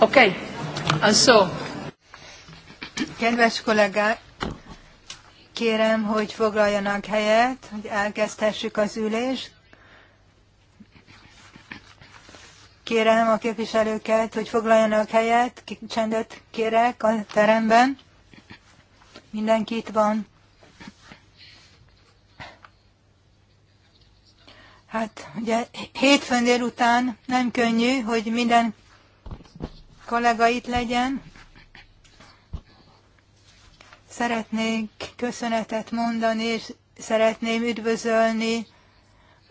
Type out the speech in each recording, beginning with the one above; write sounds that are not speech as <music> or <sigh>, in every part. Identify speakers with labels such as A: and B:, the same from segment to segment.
A: Okay. And so. Kedves kollégák, kérem, hogy foglaljanak helyet, hogy elkezdhessük az ülést. Kérem a képviselőket, hogy foglaljanak helyet, csendet kérek a teremben. Mindenki itt van. Hát ugye hétfőn délután nem könnyű, hogy minden kollega itt legyen. Szeretnék köszönetet mondani, és szeretném üdvözölni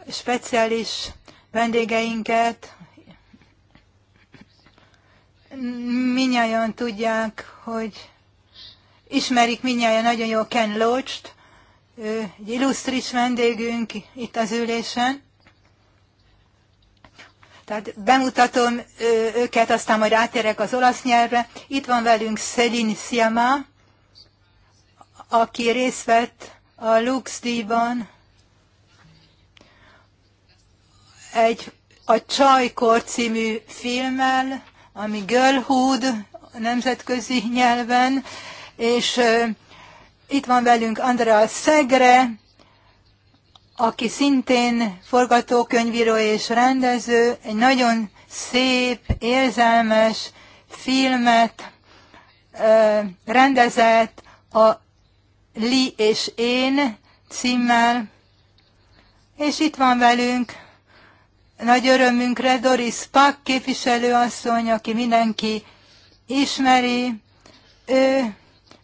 A: speciális vendégeinket. Minnyáján tudják, hogy ismerik minnyáján nagyon jó Ken loach egy illusztris vendégünk itt az ülésen. Tehát bemutatom őket, aztán majd rátérek az olasz nyelvre. Itt van velünk Céline Siama, aki részt vett a Lux díjban egy a Csajkor című filmmel, ami Girlhood nemzetközi nyelven, és itt van velünk Andrea Szegre, aki szintén forgatókönyvíró és rendező, egy nagyon szép, érzelmes filmet ö, rendezett a Li és én címmel, és itt van velünk nagy örömünkre Doris Pak képviselőasszony, aki mindenki ismeri. Ő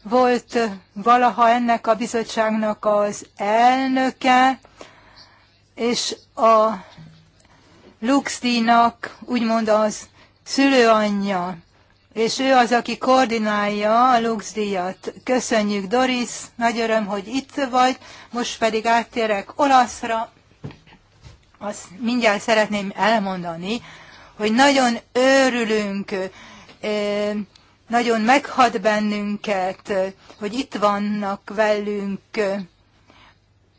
A: volt valaha ennek a bizottságnak az elnöke, és a Luxdíjnak úgymond az szülőanyja, és ő az, aki koordinálja a Luxdíjat. Köszönjük, Doris, nagy öröm, hogy itt vagy, most pedig áttérek olaszra. Azt mindjárt szeretném elmondani, hogy nagyon örülünk eh, nagyon meghat bennünket, hogy itt vannak velünk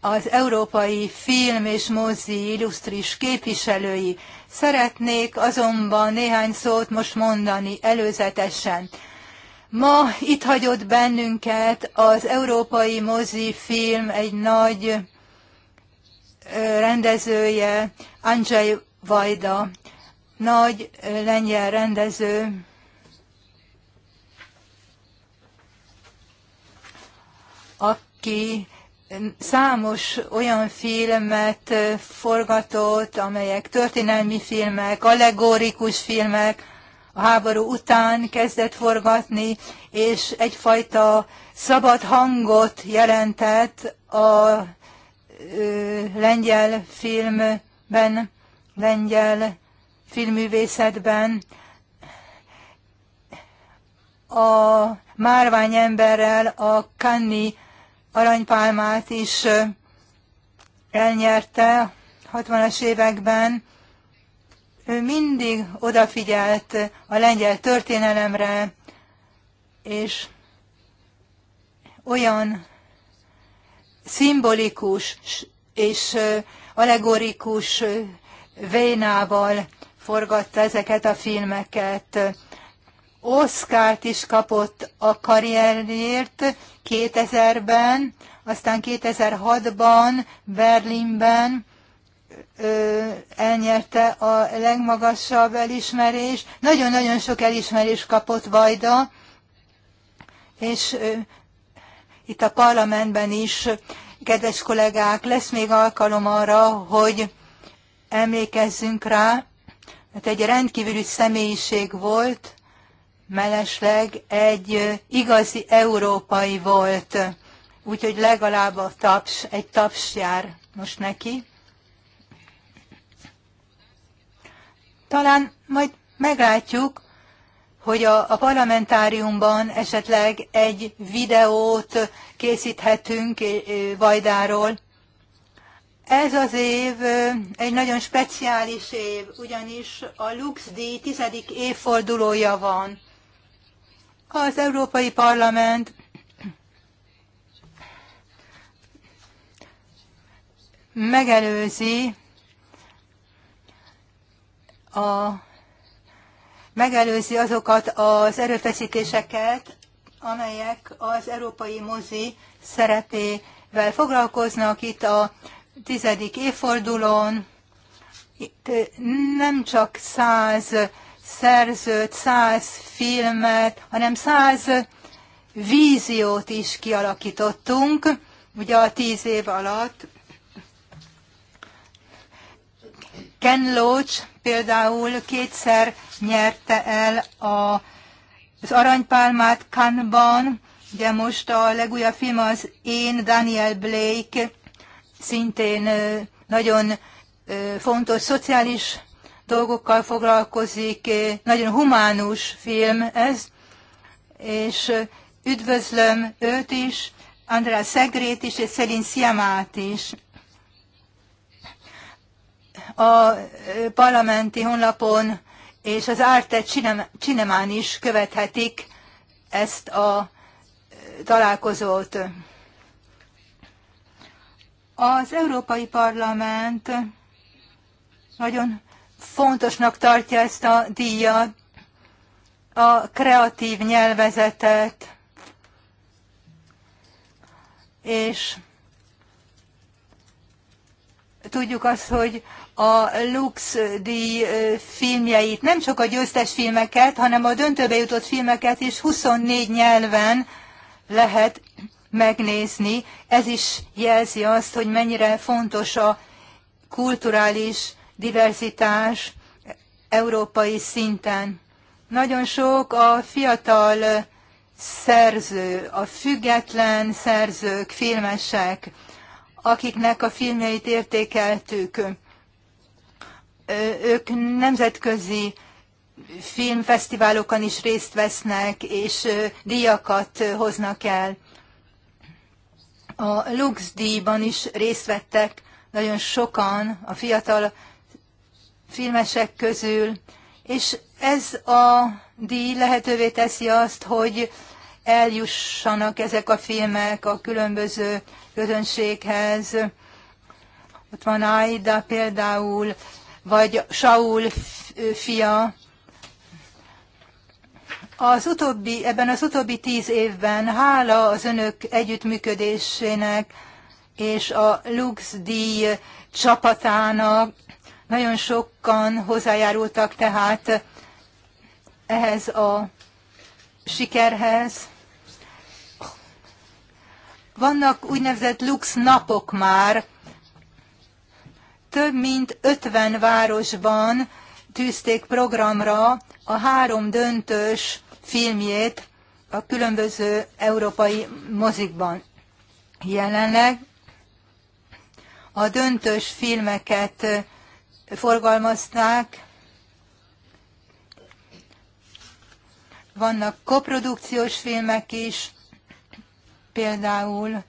A: az európai film és mozi illusztris képviselői. Szeretnék azonban néhány szót most mondani előzetesen. Ma itt hagyott bennünket az európai mozifilm egy nagy rendezője, Andrzej Vajda, nagy lengyel rendező, aki számos olyan filmet forgatott, amelyek történelmi filmek, allegórikus filmek, a háború után kezdett forgatni, és egyfajta szabad hangot jelentett a ö, lengyel filmben, lengyel filmművészetben. A emberrel a Kanni aranypálmát is elnyerte 60-as években. Ő mindig odafigyelt a lengyel történelemre, és olyan szimbolikus és allegorikus vénával forgatta ezeket a filmeket. Oszkárt is kapott a karrierért 2000-ben, aztán 2006-ban Berlinben ö, elnyerte a legmagasabb elismerés. Nagyon-nagyon sok elismerést kapott Vajda, és ö, itt a parlamentben is, kedves kollégák, lesz még alkalom arra, hogy emlékezzünk rá, mert egy rendkívüli személyiség volt, mellesleg egy igazi európai volt, úgyhogy legalább a taps, egy taps jár most neki. Talán majd meglátjuk, hogy a, a parlamentáriumban esetleg egy videót készíthetünk Vajdáról. Ez az év egy nagyon speciális év, ugyanis a Lux díj tizedik évfordulója van. Ha Az Európai Parlament megelőzi a megelőzi azokat az erőfeszítéseket, amelyek az európai mozi szerepével foglalkoznak itt a tizedik évfordulón. Itt nem csak száz szerzőt, száz filmet, hanem száz víziót is kialakítottunk, ugye a tíz év alatt. Ken Loach például kétszer nyerte el a, az aranypálmát Cannes-ban, ugye most a legújabb film az Én, Daniel Blake, szintén nagyon fontos szociális dolgokkal foglalkozik, nagyon humánus film ez, és üdvözlöm őt is, Andrea Szegrét is, és Szelin Sziamát is. A parlamenti honlapon és az Arte Cinemán is követhetik ezt a találkozót. Az Európai Parlament nagyon fontosnak tartja ezt a díjat, a kreatív nyelvezetet, és tudjuk azt, hogy a Lux díj filmjeit, nem csak a győztes filmeket, hanem a döntőbe jutott filmeket is 24 nyelven lehet megnézni. Ez is jelzi azt, hogy mennyire fontos a kulturális diverzitás európai szinten. Nagyon sok a fiatal szerző, a független szerzők, filmesek, akiknek a filmjeit értékeltük. Ők nemzetközi filmfesztiválokon is részt vesznek, és díjakat hoznak el. A Lux díjban is részt vettek nagyon sokan, a fiatal filmesek közül, és ez a díj lehetővé teszi azt, hogy eljussanak ezek a filmek a különböző közönséghez. Ott van Aida például, vagy Saul fia. Az utóbbi, ebben az utóbbi tíz évben hála az önök együttműködésének és a Lux díj csapatának nagyon sokan hozzájárultak tehát ehhez a sikerhez. Vannak úgynevezett lux napok már. Több mint 50 városban tűzték programra a három döntős filmjét a különböző európai mozikban. Jelenleg a döntős filmeket forgalmazták. Vannak koprodukciós filmek is, például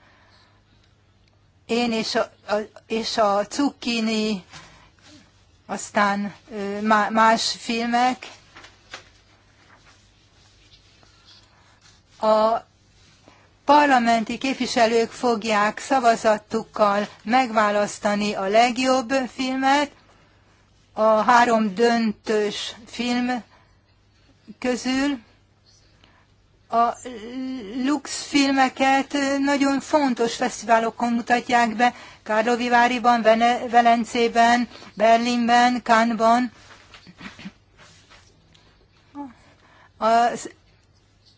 A: én és a, a, és a cukkini, aztán más filmek. A parlamenti képviselők fogják szavazatukkal megválasztani a legjobb filmet, a három döntős film közül a Lux filmeket nagyon fontos fesztiválokon mutatják be, Kárloviváriban, Velencében, Berlinben, Cannesban. Az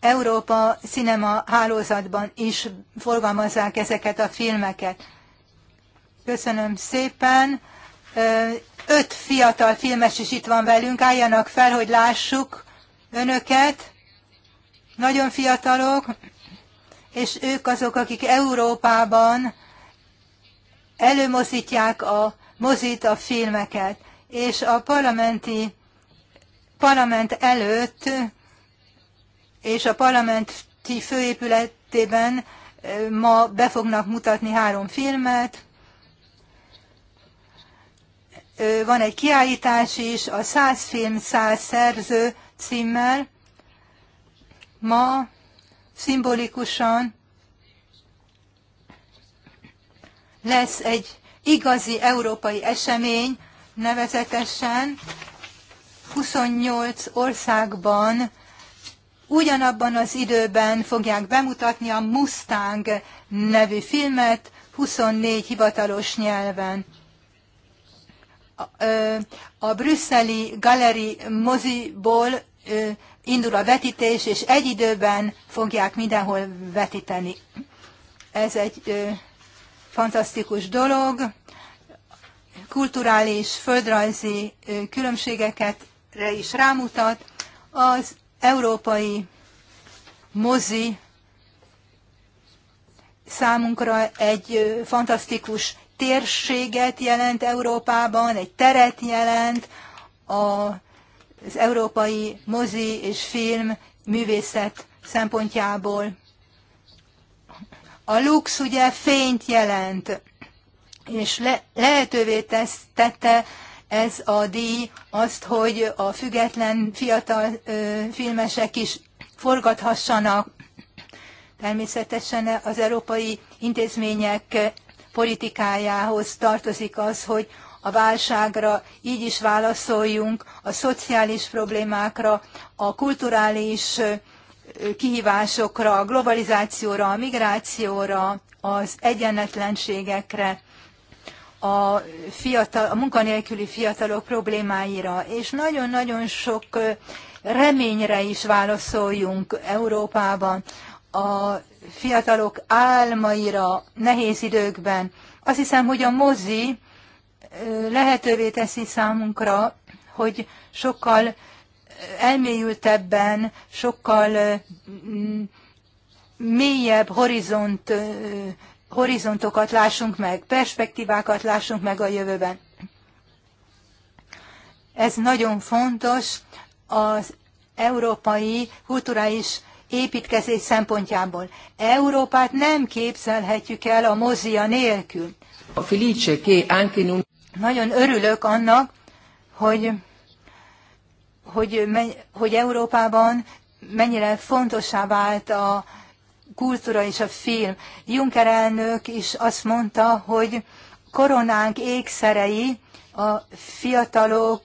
A: Európa Cinema hálózatban is forgalmazzák ezeket a filmeket. Köszönöm szépen! öt fiatal filmes is itt van velünk, álljanak fel, hogy lássuk önöket. Nagyon fiatalok, és ők azok, akik Európában előmozítják a mozit, a filmeket. És a parlamenti parlament előtt és a parlamenti főépületében ma be fognak mutatni három filmet, van egy kiállítás is, a 100 film, 100 szerző címmel. Ma szimbolikusan lesz egy igazi európai esemény, nevezetesen 28 országban ugyanabban az időben fogják bemutatni a Mustang nevű filmet 24 hivatalos nyelven a brüsszeli galeri moziból indul a vetítés, és egy időben fogják mindenhol vetíteni. Ez egy fantasztikus dolog, kulturális, földrajzi különbségeket is rámutat. Az európai mozi számunkra egy fantasztikus térséget jelent Európában, egy teret jelent az európai mozi és film művészet szempontjából. A lux ugye fényt jelent, és le, lehetővé tesz, tette ez a díj azt, hogy a független fiatal ö, filmesek is forgathassanak. Természetesen az európai intézmények politikájához tartozik az, hogy a válságra így is válaszoljunk, a szociális problémákra, a kulturális kihívásokra, a globalizációra, a migrációra, az egyenletlenségekre, a, fiatal, a munkanélküli fiatalok problémáira, és nagyon-nagyon sok reményre is válaszoljunk Európában a fiatalok álmaira nehéz időkben. Azt hiszem, hogy a mozi lehetővé teszi számunkra, hogy sokkal elmélyültebben, sokkal mélyebb horizont, horizontokat lássunk meg, perspektívákat lássunk meg a jövőben. Ez nagyon fontos az európai kulturális építkezés szempontjából. Európát nem képzelhetjük el a mozia nélkül.
B: Felice, che anche in un...
A: Nagyon örülök annak, hogy, hogy, hogy Európában mennyire fontossá vált a kultúra és a film. Juncker elnök is azt mondta, hogy koronánk ékszerei a fiatalok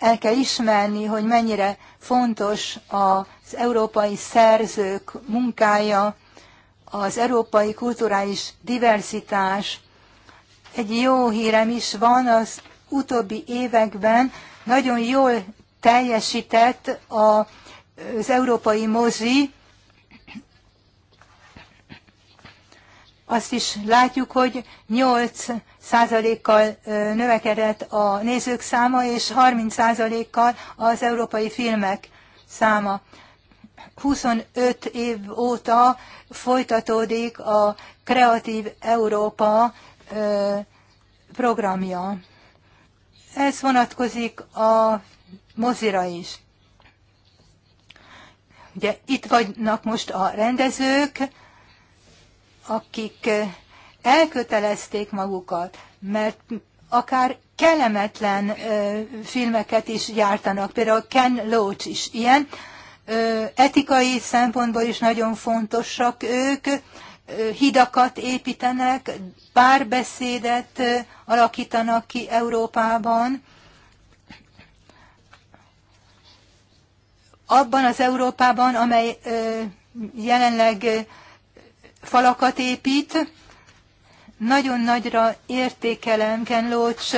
A: el kell ismerni, hogy mennyire fontos az európai szerzők munkája, az európai kulturális diversitás. Egy jó hírem is van, az utóbbi években nagyon jól teljesített az európai mozi azt is látjuk, hogy 8 százalékkal növekedett a nézők száma, és 30 százalékkal az európai filmek száma. 25 év óta folytatódik a Kreatív Európa programja. Ez vonatkozik a mozira is. Ugye itt vannak most a rendezők, akik eh, elkötelezték magukat, mert akár kellemetlen ö, eh, filmeket is gyártanak, például Ken Loach is ilyen, ö, etikai szempontból is nagyon fontosak ők, ö, hidakat építenek, párbeszédet ö, eh, alakítanak ki Európában, abban az Európában, amely ö, jelenleg ö, falakat épít. Nagyon nagyra értékelem Ken Loach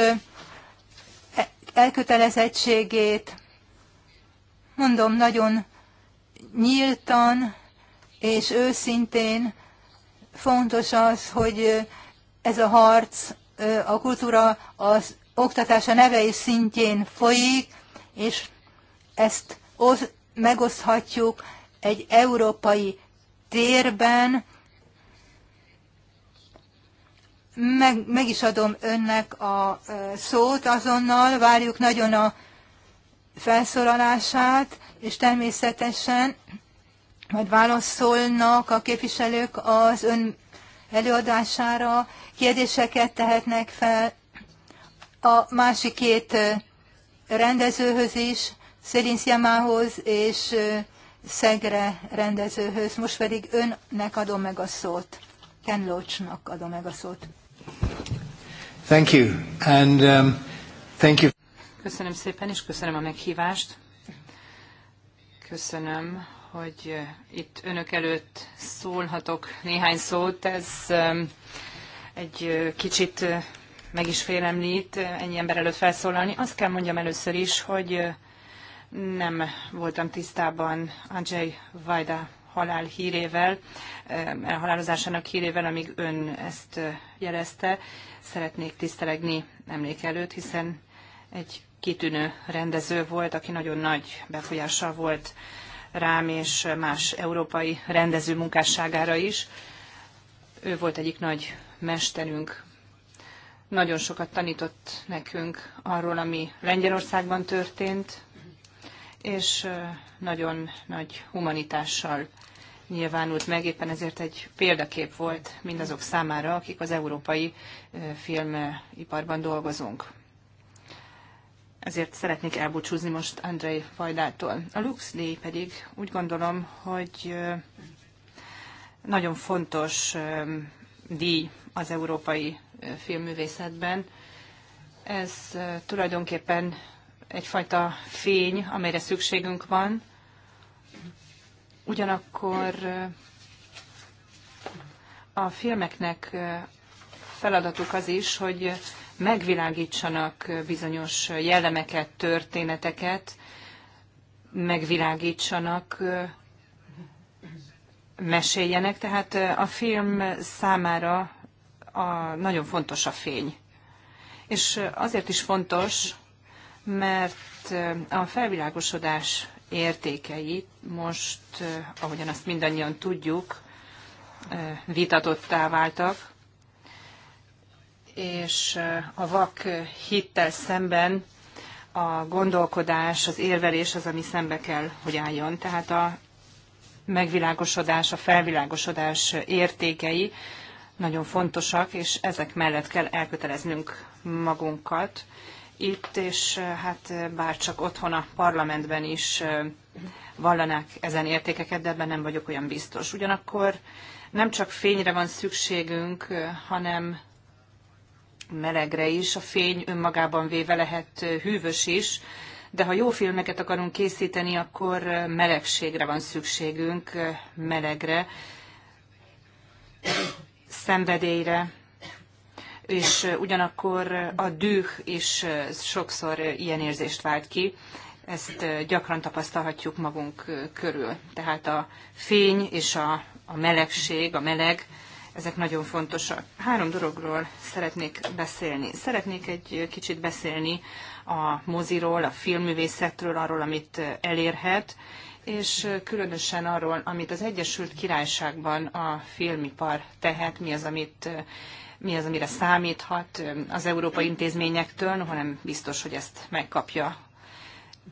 A: e, elkötelezettségét. Mondom, nagyon nyíltan és őszintén fontos az, hogy ez a harc a kultúra az oktatása nevelés szintjén folyik, és ezt megoszthatjuk egy európai térben, meg, meg is adom önnek a szót azonnal, várjuk nagyon a felszólalását, és természetesen majd válaszolnak a képviselők az ön előadására, kérdéseket tehetnek fel a másik két rendezőhöz is, Szélinsziamához és Szegre rendezőhöz. Most pedig önnek adom meg a szót. Ken Loachnak adom meg a szót.
B: Thank you. And, um, thank you.
A: Köszönöm
C: szépen, és köszönöm a meghívást. Köszönöm, hogy uh, itt önök előtt szólhatok néhány szót. Ez um, egy uh, kicsit uh, meg is félemlít ennyi ember előtt felszólalni. Azt kell mondjam először is, hogy nem voltam tisztában Andrzej Vajda halál hírével, elhalálozásának hírével, amíg ön ezt jelezte, szeretnék tisztelegni emlék előtt, hiszen egy kitűnő rendező volt, aki nagyon nagy befolyással volt rám és más európai rendező munkásságára is. Ő volt egyik nagy mesterünk. Nagyon sokat tanított nekünk arról, ami Lengyelországban történt, és nagyon nagy humanitással nyilvánult meg, éppen ezért egy példakép volt mindazok számára, akik az európai filmiparban dolgozunk. Ezért szeretnék elbúcsúzni most Andrei Fajdától. A Lux Day pedig úgy gondolom, hogy nagyon fontos díj az európai filmművészetben. Ez tulajdonképpen egyfajta fény, amelyre szükségünk van. Ugyanakkor a filmeknek feladatuk az is, hogy megvilágítsanak bizonyos jellemeket, történeteket, megvilágítsanak, meséljenek. Tehát a film számára a, nagyon fontos a fény. És azért is fontos, mert a felvilágosodás értékei most, ahogyan azt mindannyian tudjuk, vitatottá váltak, és a vak hittel szemben a gondolkodás, az érvelés az, ami szembe kell, hogy álljon. Tehát a megvilágosodás, a felvilágosodás értékei nagyon fontosak, és ezek mellett kell elköteleznünk magunkat, itt, és hát bár csak otthon a parlamentben is vallanák ezen értékeket, de ebben nem vagyok olyan biztos. Ugyanakkor nem csak fényre van szükségünk, hanem melegre is. A fény önmagában véve lehet hűvös is, de ha jó filmeket akarunk készíteni, akkor melegségre van szükségünk, melegre, szenvedélyre, és ugyanakkor a düh is sokszor ilyen érzést vált ki. Ezt gyakran tapasztalhatjuk magunk körül. Tehát a fény és a, a melegség, a meleg, ezek nagyon fontosak. Három dologról szeretnék beszélni. Szeretnék egy kicsit beszélni a moziról, a filmművészetről, arról, amit elérhet, és különösen arról, amit az Egyesült Királyságban a filmipar tehet, mi az, amit mi az, amire számíthat az európai intézményektől, hanem biztos, hogy ezt megkapja.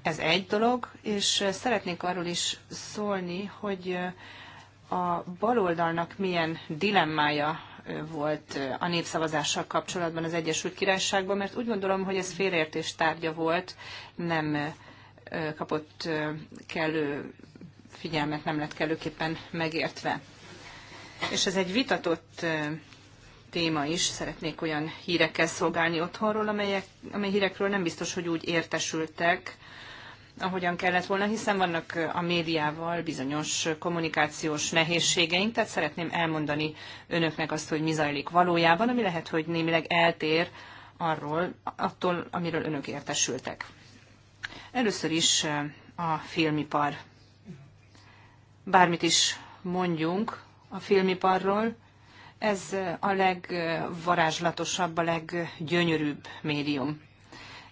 C: Ez egy dolog, és szeretnék arról is szólni, hogy a baloldalnak milyen dilemmája volt a népszavazással kapcsolatban az Egyesült Királyságban, mert úgy gondolom, hogy ez félértés tárgya volt, nem kapott kellő figyelmet, nem lett kellőképpen megértve. És ez egy vitatott téma is. Szeretnék olyan hírekkel szolgálni otthonról, amelyek, amely hírekről nem biztos, hogy úgy értesültek, ahogyan kellett volna, hiszen vannak a médiával bizonyos kommunikációs nehézségeink, tehát szeretném elmondani önöknek azt, hogy mi zajlik valójában, ami lehet, hogy némileg eltér arról, attól, amiről önök értesültek. Először is eh, a filmipar. Bármit is mondjunk a filmiparról, ez a legvarázslatosabb, a leggyönyörűbb médium.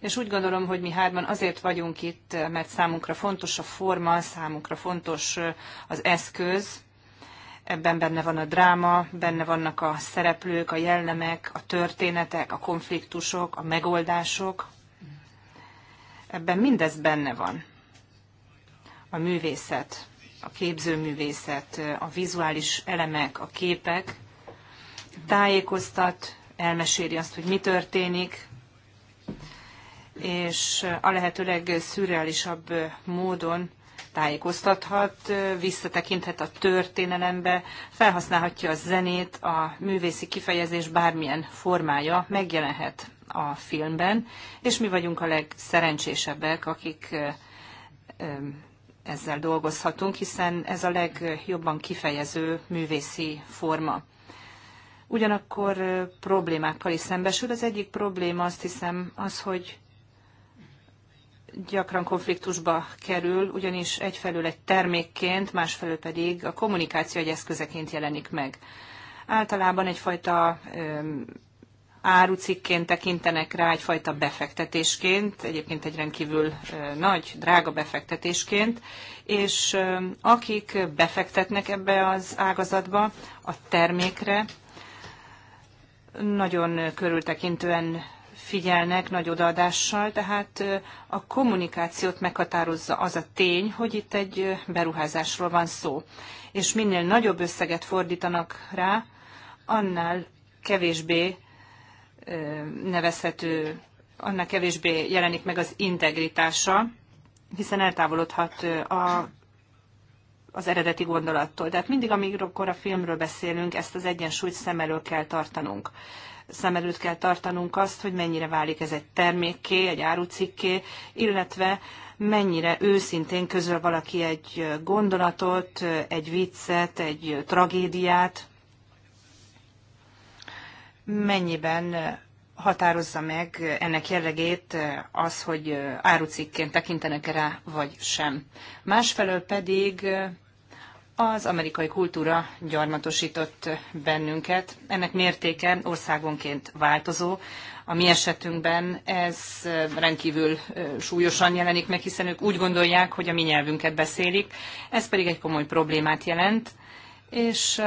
C: És úgy gondolom, hogy mi hárman azért vagyunk itt, mert számunkra fontos a forma, számunkra fontos az eszköz, ebben benne van a dráma, benne vannak a szereplők, a jellemek, a történetek, a konfliktusok, a megoldások. Ebben mindez benne van. A művészet, a képzőművészet, a vizuális elemek, a képek, tájékoztat, elmeséli azt, hogy mi történik, és a lehető legszürreálisabb módon tájékoztathat, visszatekinthet a történelembe, felhasználhatja a zenét, a művészi kifejezés bármilyen formája megjelenhet a filmben, és mi vagyunk a legszerencsésebbek, akik ezzel dolgozhatunk, hiszen ez a legjobban kifejező művészi forma ugyanakkor problémákkal is szembesül. Az egyik probléma azt hiszem az, hogy gyakran konfliktusba kerül, ugyanis egyfelől egy termékként, másfelől pedig a kommunikáció egy eszközeként jelenik meg. Általában egyfajta árucikként tekintenek rá, egyfajta befektetésként, egyébként egy rendkívül nagy, drága befektetésként, és akik befektetnek ebbe az ágazatba, a termékre, nagyon körültekintően figyelnek nagy odaadással, tehát a kommunikációt meghatározza az a tény, hogy itt egy beruházásról van szó. És minél nagyobb összeget fordítanak rá, annál kevésbé nevezhető, annál kevésbé jelenik meg az integritása, hiszen eltávolodhat a az eredeti gondolattól. Tehát mindig, amikor a filmről beszélünk, ezt az egyensúlyt szem elől kell tartanunk. Szem előtt kell tartanunk azt, hogy mennyire válik ez egy termékké, egy árucikké, illetve mennyire őszintén közöl valaki egy gondolatot, egy viccet, egy tragédiát, mennyiben határozza meg ennek jellegét az, hogy árucikként tekintenek -e rá, vagy sem. Másfelől pedig az amerikai kultúra gyarmatosított bennünket. Ennek mértéke országonként változó. A mi esetünkben ez rendkívül súlyosan jelenik meg, hiszen ők úgy gondolják, hogy a mi nyelvünket beszélik. Ez pedig egy komoly problémát jelent, és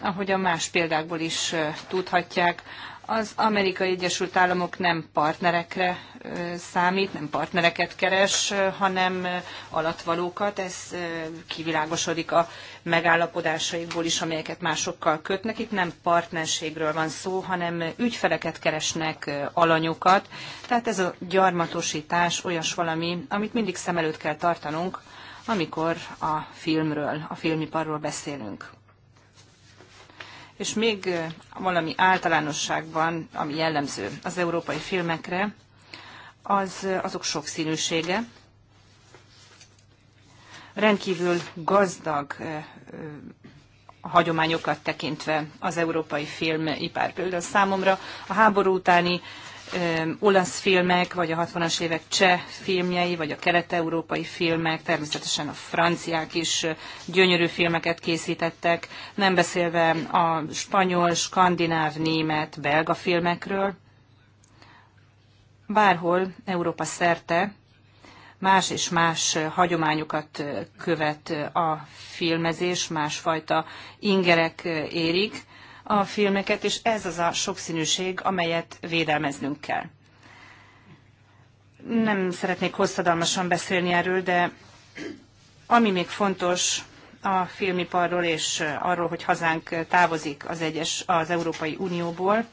C: ahogy a más példákból is tudhatják, az Amerikai Egyesült Államok nem partnerekre számít, nem partnereket keres, hanem alatvalókat. Ez kivilágosodik a megállapodásaikból is, amelyeket másokkal kötnek. Itt nem partnerségről van szó, hanem ügyfeleket keresnek, alanyokat. Tehát ez a gyarmatosítás olyas valami, amit mindig szem előtt kell tartanunk, amikor a filmről, a filmiparról beszélünk. És még valami általánosságban, ami jellemző az európai filmekre, az azok sokszínűsége, rendkívül gazdag hagyományokat tekintve az európai filmipár. Például számomra a háború utáni olasz filmek, vagy a 60-as évek cseh filmjei, vagy a kelet-európai filmek, természetesen a franciák is gyönyörű filmeket készítettek, nem beszélve a spanyol, skandináv, német, belga filmekről. Bárhol Európa szerte más és más hagyományokat követ a filmezés, másfajta ingerek érik, a filmeket, és ez az a sokszínűség, amelyet védelmeznünk kell. Nem szeretnék hosszadalmasan beszélni erről, de ami még fontos a filmiparról és arról, hogy hazánk távozik az egyes az Európai Unióból,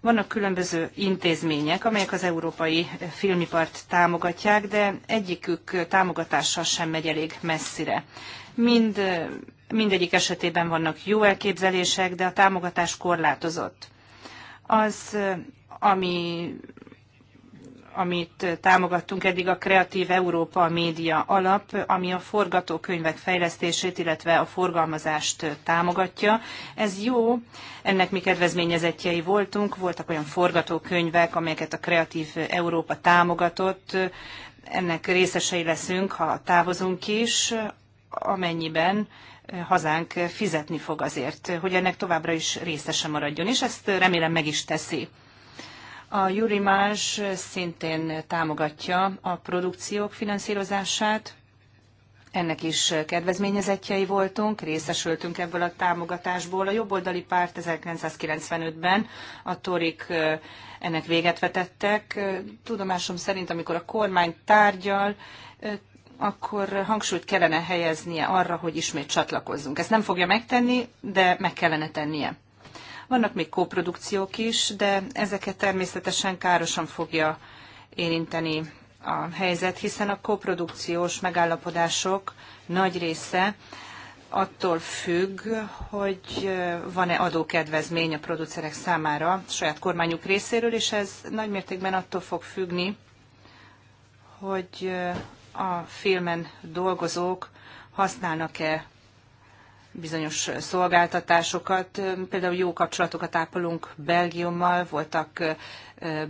C: vannak különböző intézmények, amelyek az európai filmipart támogatják, de egyikük támogatással sem megy elég messzire. Mind Mindegyik esetében vannak jó elképzelések, de a támogatás korlátozott. Az, ami amit támogattunk eddig a Kreatív Európa Média Alap, ami a forgatókönyvek fejlesztését, illetve a forgalmazást támogatja. Ez jó, ennek mi kedvezményezettjei voltunk, voltak olyan forgatókönyvek, amelyeket a Kreatív Európa támogatott, ennek részesei leszünk, ha távozunk is, amennyiben hazánk fizetni fog azért, hogy ennek továbbra is részese maradjon, és ezt remélem meg is teszi. A Juri Más szintén támogatja a produkciók finanszírozását, ennek is kedvezményezetjei voltunk, részesültünk ebből a támogatásból. A jobboldali párt 1995-ben a Torik ennek véget vetettek. Tudomásom szerint, amikor a kormány tárgyal, akkor hangsúlyt kellene helyeznie arra, hogy ismét csatlakozzunk. Ezt nem fogja megtenni, de meg kellene tennie. Vannak még koprodukciók is, de ezeket természetesen károsan fogja érinteni a helyzet, hiszen a koprodukciós megállapodások nagy része attól függ, hogy van-e adókedvezmény a producerek számára a saját kormányuk részéről, és ez nagymértékben attól fog függni, hogy a filmen dolgozók használnak-e bizonyos szolgáltatásokat. Például jó kapcsolatokat ápolunk Belgiummal, voltak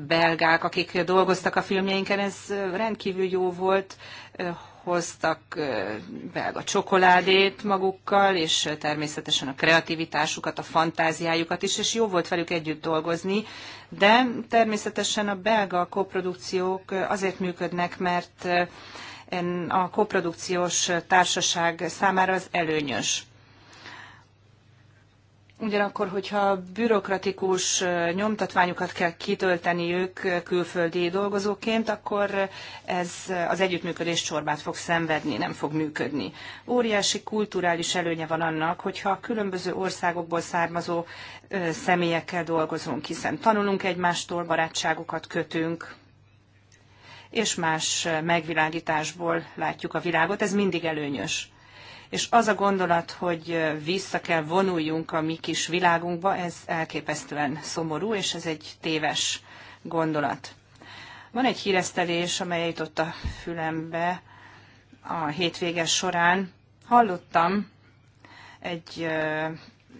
C: belgák, akik dolgoztak a filmjeinken, ez rendkívül jó volt, hoztak belga csokoládét magukkal, és természetesen a kreativitásukat, a fantáziájukat is, és jó volt velük együtt dolgozni, de természetesen a belga koprodukciók azért működnek, mert a koprodukciós társaság számára az előnyös. Ugyanakkor, hogyha bürokratikus nyomtatványokat kell kitölteni ők külföldi dolgozóként, akkor ez az együttműködés csorbát fog szenvedni, nem fog működni. Óriási kulturális előnye van annak, hogyha különböző országokból származó személyekkel dolgozunk, hiszen tanulunk egymástól, barátságokat kötünk, és más megvilágításból látjuk a világot. Ez mindig előnyös. És az a gondolat, hogy vissza kell vonuljunk a mi kis világunkba, ez elképesztően szomorú, és ez egy téves gondolat. Van egy híresztelés, amely jutott a fülembe a hétvége során. Hallottam egy,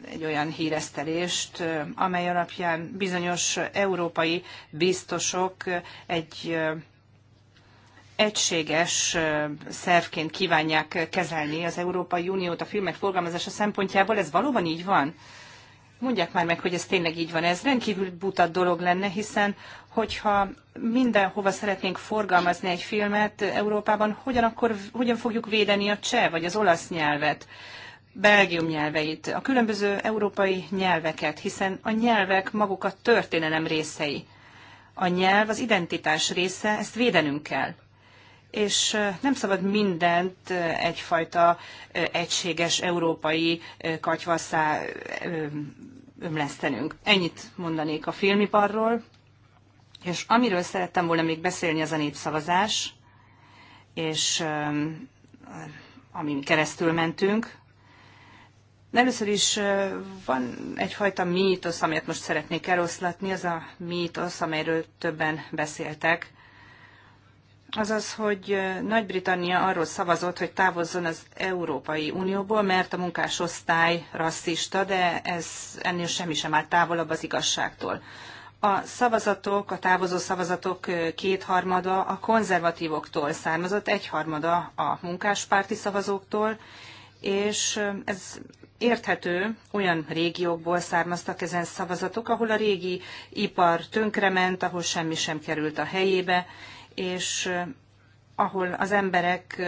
C: egy olyan híresztelést, amely alapján bizonyos európai biztosok egy egységes szervként kívánják kezelni az Európai Uniót a filmek forgalmazása szempontjából. Ez valóban így van? Mondják már meg, hogy ez tényleg így van. Ez rendkívül buta dolog lenne, hiszen hogyha mindenhova szeretnénk forgalmazni egy filmet Európában, hogyan, akkor, hogyan fogjuk védeni a cseh vagy az olasz nyelvet? Belgium nyelveit, a különböző európai nyelveket, hiszen a nyelvek maguk a történelem részei. A nyelv az identitás része, ezt védenünk kell és nem szabad mindent egyfajta egységes európai katyvasszá ömlesztenünk. Ennyit mondanék a filmiparról, és amiről szerettem volna még beszélni, az a népszavazás, és amin keresztül mentünk. először is van egyfajta mítosz, amit most szeretnék eloszlatni, az a mítosz, amelyről többen beszéltek, azaz, hogy Nagy-Britannia arról szavazott, hogy távozzon az Európai Unióból, mert a munkásosztály rasszista, de ez ennél semmi sem áll távolabb az igazságtól. A szavazatok, a távozó szavazatok kétharmada a konzervatívoktól származott, egyharmada a munkáspárti szavazóktól, és ez érthető, olyan régiókból származtak ezen szavazatok, ahol a régi ipar tönkrement, ahol semmi sem került a helyébe, és ahol az emberek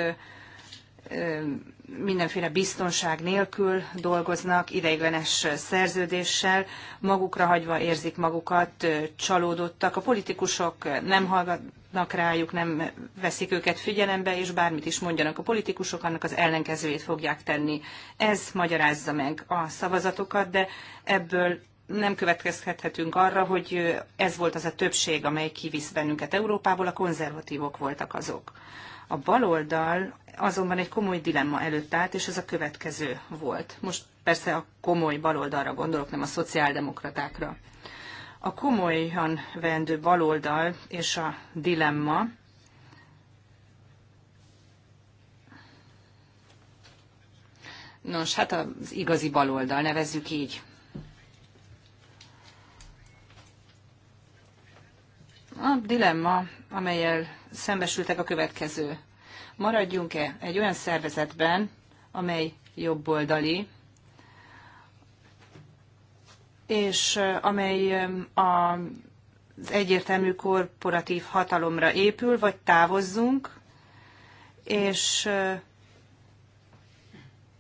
C: mindenféle biztonság nélkül dolgoznak, ideiglenes szerződéssel, magukra hagyva érzik magukat, csalódottak. A politikusok nem hallgatnak rájuk, nem veszik őket figyelembe, és bármit is mondjanak a politikusok, annak az ellenkezőjét fogják tenni. Ez magyarázza meg a szavazatokat, de ebből nem következhethetünk arra, hogy ez volt az a többség, amely kivisz bennünket Európából, a konzervatívok voltak azok. A baloldal azonban egy komoly dilemma előtt állt, és ez a következő volt. Most persze a komoly baloldalra gondolok, nem a szociáldemokratákra. A komolyan vendő baloldal és a dilemma Nos, hát az igazi baloldal, nevezzük így. A dilemma, amelyel szembesültek a következő. Maradjunk-e egy olyan szervezetben, amely jobboldali, és eh, amely eh, az egyértelmű korporatív hatalomra épül, vagy távozzunk, és eh,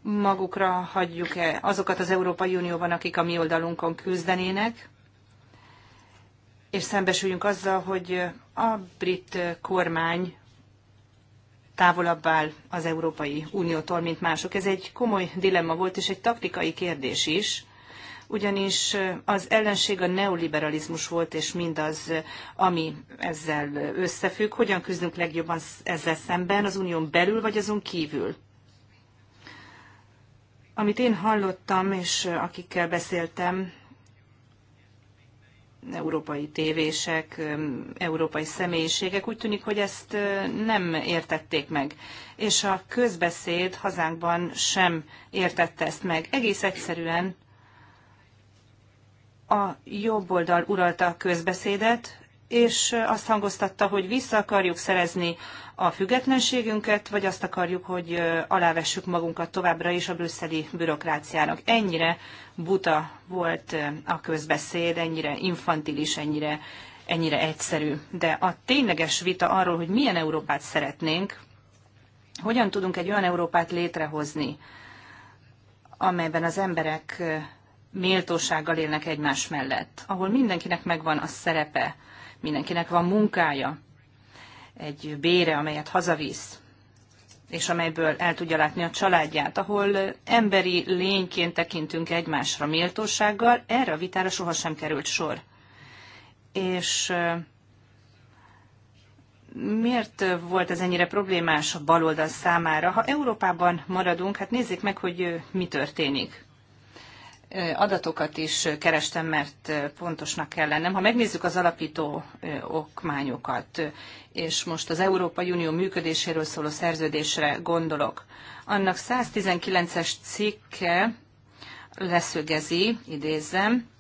C: magukra hagyjuk-e azokat az Európai Unióban, akik a mi oldalunkon küzdenének, és szembesüljünk azzal, hogy a brit kormány távolabb áll az Európai Uniótól, mint mások. Ez egy komoly dilemma volt, és egy taktikai kérdés is, ugyanis az ellenség a neoliberalizmus volt, és mindaz, ami ezzel összefügg. Hogyan küzdünk legjobban ezzel szemben, az unión belül, vagy azon kívül? Amit én hallottam, és akikkel beszéltem, európai tévések, európai személyiségek. Úgy tűnik, hogy ezt nem értették meg. És a közbeszéd hazánkban sem értette ezt meg. Egész egyszerűen a jobb oldal uralta a közbeszédet, és azt hangoztatta, hogy vissza akarjuk szerezni a függetlenségünket, vagy azt akarjuk, hogy alávessük magunkat továbbra is a brüsszeli bürokráciának. Ennyire buta volt a közbeszéd, ennyire infantilis, ennyire, ennyire egyszerű. De a tényleges vita arról, hogy milyen Európát szeretnénk, hogyan tudunk egy olyan Európát létrehozni, amelyben az emberek méltósággal élnek egymás mellett, ahol mindenkinek megvan a szerepe, mindenkinek van munkája, egy bére, amelyet hazavisz, és amelyből el tudja látni a családját, ahol emberi lényként tekintünk egymásra méltósággal, erre a vitára sohasem került sor. És miért volt ez ennyire problémás a baloldal számára? Ha Európában maradunk, hát nézzék meg, hogy mi történik adatokat is kerestem, mert pontosnak kell lennem. Ha megnézzük az alapító okmányokat, és most az Európai Unió működéséről szóló szerződésre gondolok, annak 119-es cikke leszögezi, idézem,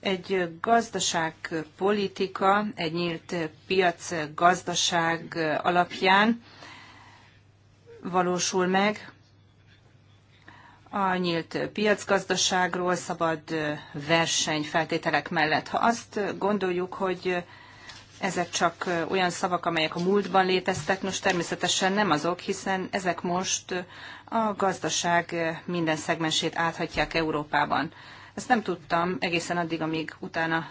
C: egy gazdaságpolitika, egy nyílt piac gazdaság alapján valósul meg, a nyílt piacgazdaságról, szabad versenyfeltételek mellett. Ha azt gondoljuk, hogy ezek csak olyan szavak, amelyek a múltban léteztek, most természetesen nem azok, hiszen ezek most a gazdaság minden szegmensét áthatják Európában. Ezt nem tudtam egészen addig, amíg utána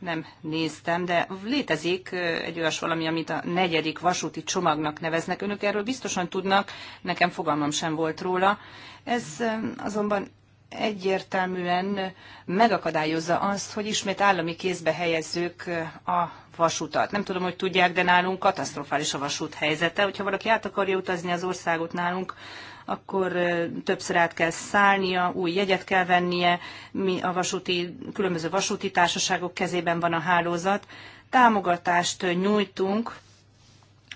C: nem néztem, de létezik egy olyas valami, amit a negyedik vasúti csomagnak neveznek. Önök erről biztosan tudnak, nekem fogalmam sem volt róla. Ez azonban egyértelműen megakadályozza azt, hogy ismét állami kézbe helyezzük a vasutat. Nem tudom, hogy tudják, de nálunk katasztrofális a vasút helyzete. Hogyha valaki át akarja utazni az országot nálunk, akkor többször át kell szállnia, új jegyet kell vennie, mi a vasúti, különböző vasúti társaságok kezében van a hálózat. Támogatást nyújtunk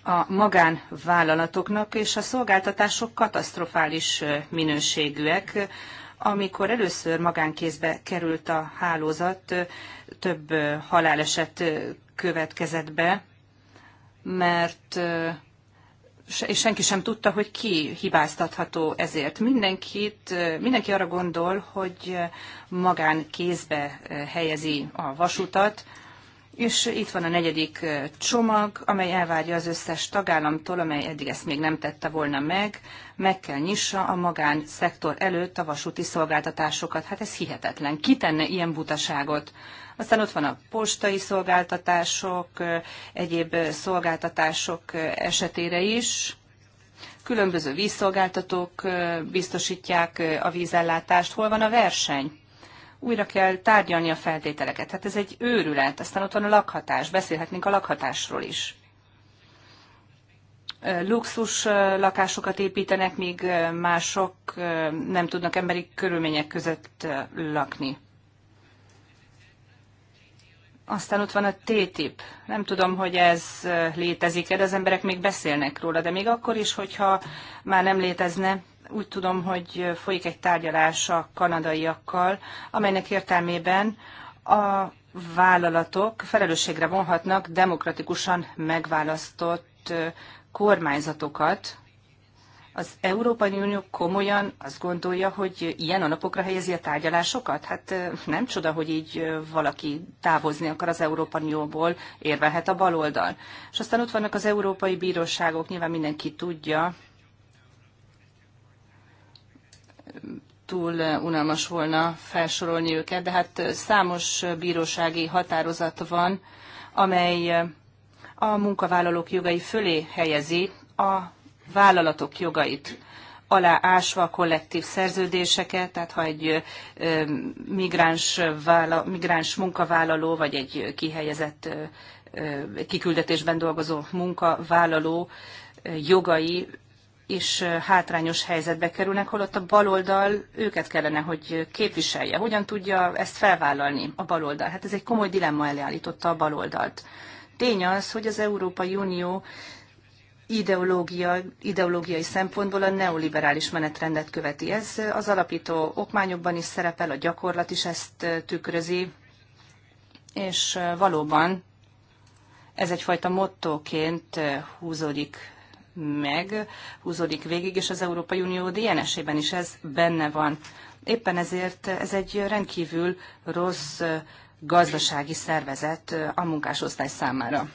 C: a magánvállalatoknak, és a szolgáltatások katasztrofális minőségűek. Amikor először magánkézbe került a hálózat, több haláleset következett be, mert és senki sem tudta, hogy ki hibáztatható ezért. Mindenkit, mindenki arra gondol, hogy magán kézbe helyezi a vasutat, és itt van a negyedik csomag, amely elvárja az összes tagállamtól, amely eddig ezt még nem tette volna meg, meg kell nyissa a magán szektor előtt a vasúti szolgáltatásokat. Hát ez hihetetlen. Ki tenne ilyen butaságot? Aztán ott van a postai szolgáltatások, egyéb szolgáltatások esetére is. Különböző vízszolgáltatók biztosítják a vízellátást. Hol van a verseny? Újra kell tárgyalni a feltételeket. Hát ez egy őrület. Aztán ott van a lakhatás. Beszélhetnénk a lakhatásról is luxus lakásokat építenek, míg mások nem tudnak emberi körülmények között lakni. Aztán ott van a TTIP. Nem tudom, hogy ez létezik-e, de az emberek még beszélnek róla, de még akkor is, hogyha már nem létezne, úgy tudom, hogy folyik egy tárgyalás a kanadaiakkal, amelynek értelmében a vállalatok felelősségre vonhatnak demokratikusan megválasztott kormányzatokat, az Európai Unió komolyan azt gondolja, hogy ilyen a napokra helyezi a tárgyalásokat? Hát nem csoda, hogy így valaki távozni akar az Európai Unióból, érvelhet a baloldal. És aztán ott vannak az európai bíróságok, nyilván mindenki tudja, túl unalmas volna felsorolni őket, de hát számos bírósági határozat van, amely a munkavállalók jogai fölé helyezi a vállalatok jogait aláásva a kollektív szerződéseket, tehát ha egy migráns, vála, migráns munkavállaló vagy egy kihelyezett kiküldetésben dolgozó munkavállaló jogai és hátrányos helyzetbe kerülnek, holott a baloldal őket kellene, hogy képviselje. Hogyan tudja ezt felvállalni a baloldal? Hát ez egy komoly dilemma elé állította a baloldalt. Tény az, hogy az Európai Unió ideológia, ideológiai szempontból a neoliberális menetrendet követi. Ez az alapító okmányokban is szerepel, a gyakorlat is ezt tükrözi, és valóban ez egyfajta mottóként húzódik meg, húzódik végig, és az Európai Unió DNS-ében is ez benne van. Éppen ezért ez egy rendkívül rossz gazdasági szervezet a munkásosztály számára.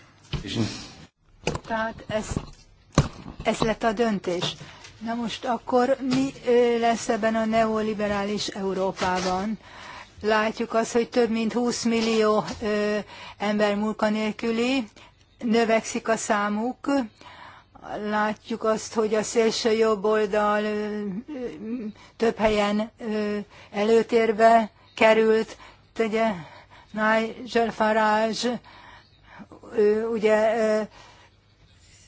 A: Tehát ezt ez lett a döntés. Na most akkor mi lesz ebben a neoliberális Európában? Látjuk azt, hogy több mint 20 millió ö, ember munkanélküli, növekszik a számuk, látjuk azt, hogy a szélső jobb oldal ö, több helyen ö, előtérbe került, tegye Nigel Farage, ö, ugye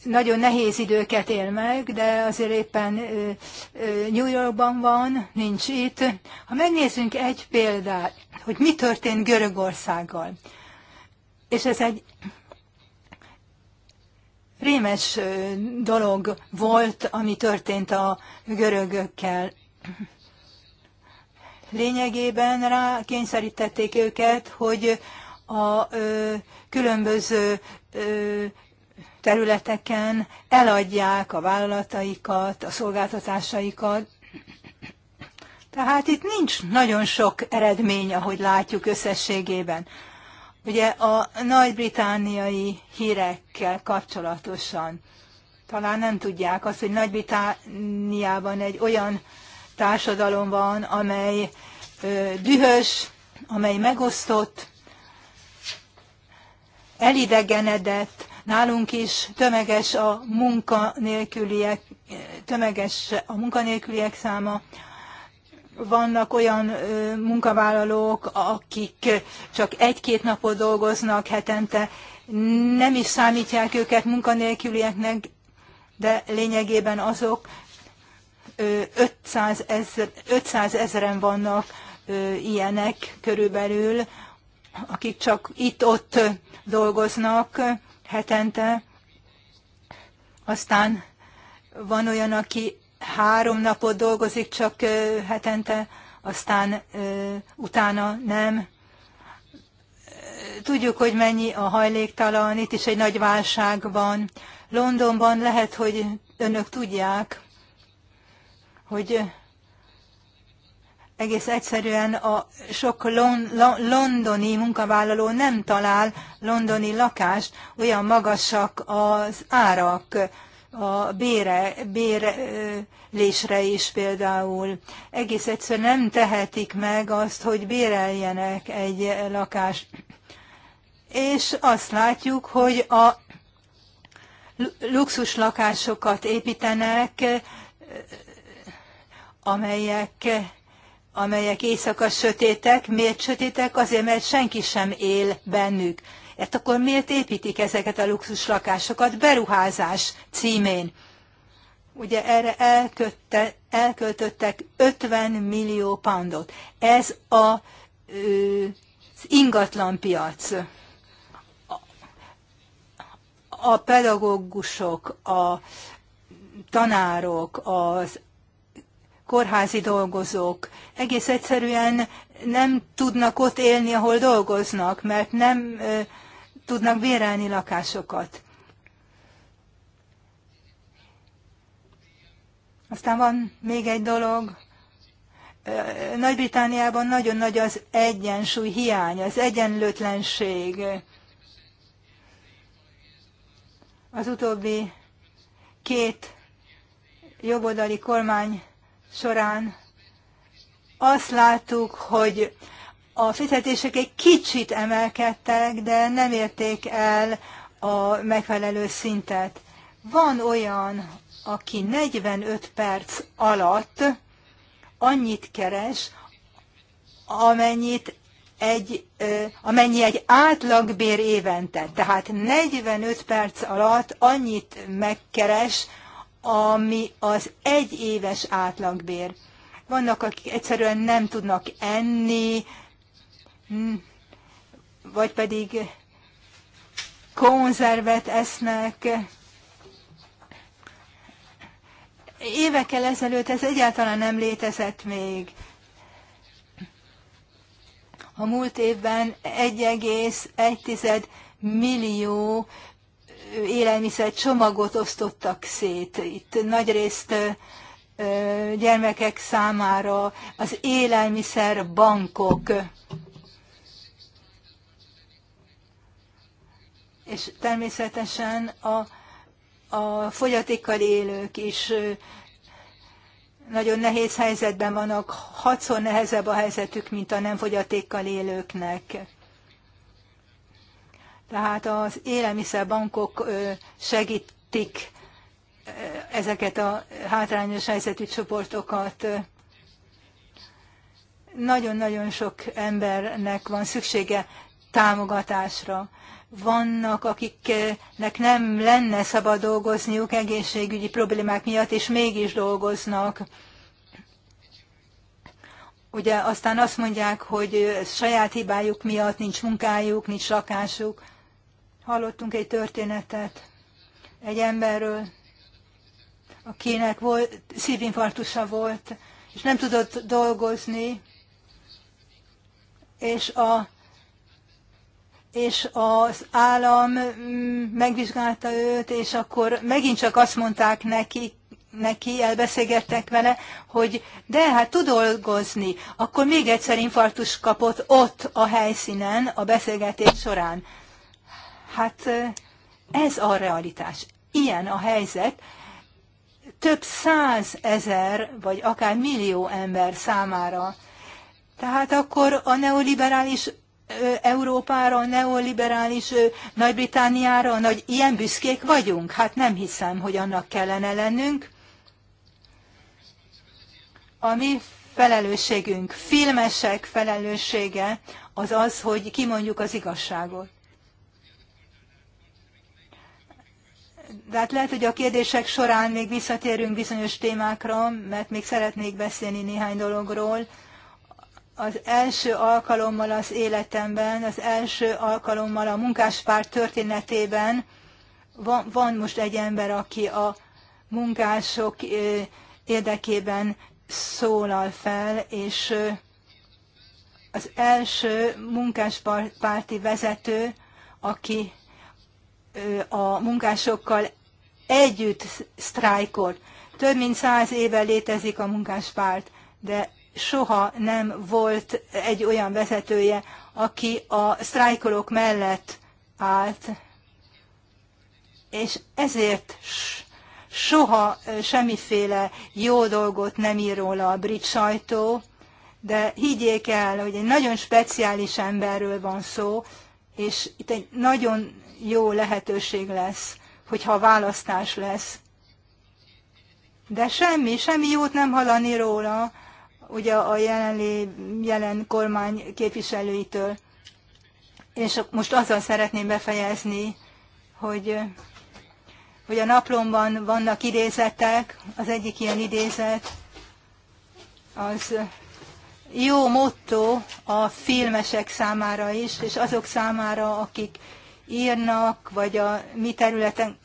A: nagyon nehéz időket él meg, de azért éppen New Yorkban van, nincs itt. Ha megnézzünk egy példát, hogy mi történt Görögországgal, és ez egy rémes dolog volt, ami történt a görögökkel. Lényegében rá kényszerítették őket, hogy a ö, különböző ö, területeken eladják a vállalataikat, a szolgáltatásaikat. Tehát itt nincs nagyon sok eredmény, ahogy látjuk összességében. Ugye a nagy-britániai hírekkel kapcsolatosan talán nem tudják azt, hogy Nagy-Britániában egy olyan társadalom van, amely ö, dühös, amely megosztott, elidegenedett, Nálunk is tömeges a munkanélküliek, tömeges a munkanélküliek száma. Vannak olyan munkavállalók, akik csak egy-két napot dolgoznak hetente, nem is számítják őket munkanélkülieknek, de lényegében azok 500, ezer, 500 ezeren vannak ilyenek körülbelül, akik csak itt-ott dolgoznak, hetente, aztán van olyan, aki három napot dolgozik csak hetente, aztán utána nem. Tudjuk, hogy mennyi a hajléktalan, itt is egy nagy válság van. Londonban lehet, hogy önök tudják, hogy egész egyszerűen a sok lon, lon, londoni munkavállaló nem talál londoni lakást, olyan magasak az árak, a bére, bérlésre is például. Egész egyszerűen nem tehetik meg azt, hogy béreljenek egy lakást. És azt látjuk, hogy a luxus lakásokat építenek, amelyek amelyek éjszaka sötétek. Miért sötétek? Azért, mert senki sem él bennük. Hát akkor miért építik ezeket a luxus lakásokat beruházás címén? Ugye erre elkötte, elköltöttek 50 millió poundot. Ez a, az ingatlanpiac. A pedagógusok, a tanárok, az kórházi dolgozók egész egyszerűen nem tudnak ott élni, ahol dolgoznak, mert nem tudnak bérelni lakásokat. Aztán van még egy dolog. Nagy-Britániában nagyon nagy az egyensúly hiány, az egyenlőtlenség. Az utóbbi két jobboldali kormány során azt láttuk, hogy a fizetések egy kicsit emelkedtek, de nem érték el a megfelelő szintet. Van olyan, aki 45 perc alatt annyit keres, amennyit egy, amennyi egy átlagbér évente. Tehát 45 perc alatt annyit megkeres, ami az egyéves átlagbér. Vannak, akik egyszerűen nem tudnak enni, vagy pedig konzervet esznek. Évekkel ezelőtt ez egyáltalán nem létezett még. A múlt évben 1,1 millió élelmiszer csomagot osztottak szét. Itt nagyrészt gyermekek számára az élelmiszer bankok. És természetesen a, a fogyatékkal élők is nagyon nehéz helyzetben vannak, hatszor nehezebb a helyzetük, mint a nem fogyatékkal élőknek. Tehát az élelmiszerbankok segítik ezeket a hátrányos helyzetű csoportokat. Nagyon-nagyon sok embernek van szüksége támogatásra. Vannak, akiknek nem lenne szabad dolgozniuk egészségügyi problémák miatt, és mégis dolgoznak. Ugye aztán azt mondják, hogy saját hibájuk miatt nincs munkájuk, nincs lakásuk. Hallottunk egy történetet egy emberről, akinek volt, szívinfarktusa volt, és nem tudott dolgozni, és a és az állam mm, megvizsgálta őt, és akkor megint csak azt mondták neki, neki, elbeszélgettek vele, hogy de hát tud dolgozni. Akkor még egyszer infarktus kapott ott a helyszínen a beszélgetés során. Hát ez a realitás. Ilyen a helyzet. Több száz ezer, vagy akár millió ember számára. Tehát akkor a neoliberális Európára, a neoliberális Nagy-Britániára, nagy ilyen büszkék vagyunk? Hát nem hiszem, hogy annak kellene lennünk. A mi felelősségünk, filmesek felelőssége az az, hogy kimondjuk az igazságot. de hát lehet, hogy a kérdések során még visszatérünk bizonyos témákra, mert még szeretnék beszélni néhány dologról. Az első alkalommal az életemben, az első alkalommal a munkáspárt történetében van, van most egy ember, aki a munkások érdekében szólal fel, és az első munkáspárti vezető, aki a munkásokkal együtt sztrájkolt. Több mint száz éve létezik a munkáspárt, de soha nem volt egy olyan vezetője, aki a sztrájkolók mellett állt, és ezért soha semmiféle jó dolgot nem ír róla a brit sajtó, de higgyék el, hogy egy nagyon speciális emberről van szó, és itt egy nagyon jó lehetőség lesz, hogyha választás lesz. De semmi, semmi jót nem hallani róla, ugye a jelenlé, jelen kormány képviselőitől. És most azzal szeretném befejezni, hogy, hogy a naplomban vannak idézetek, az egyik ilyen idézet, az jó motto a filmesek számára is, és azok számára, akik írnak, vagy a mi területen,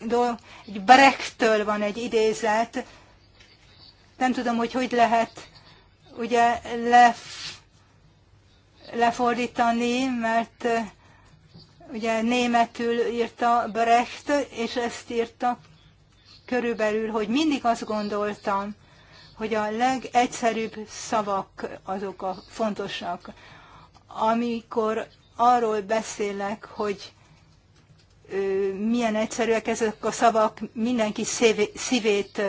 A: egy Brechttől van egy idézet, nem tudom, hogy hogy lehet ugye lef, lefordítani, mert eh, ugye németül írta Brecht, és ezt írta körülbelül, hogy mindig azt gondoltam, hogy a legegyszerűbb szavak azok a fontosak. Amikor arról beszélek, hogy milyen egyszerűek ezek a szavak, mindenki szívét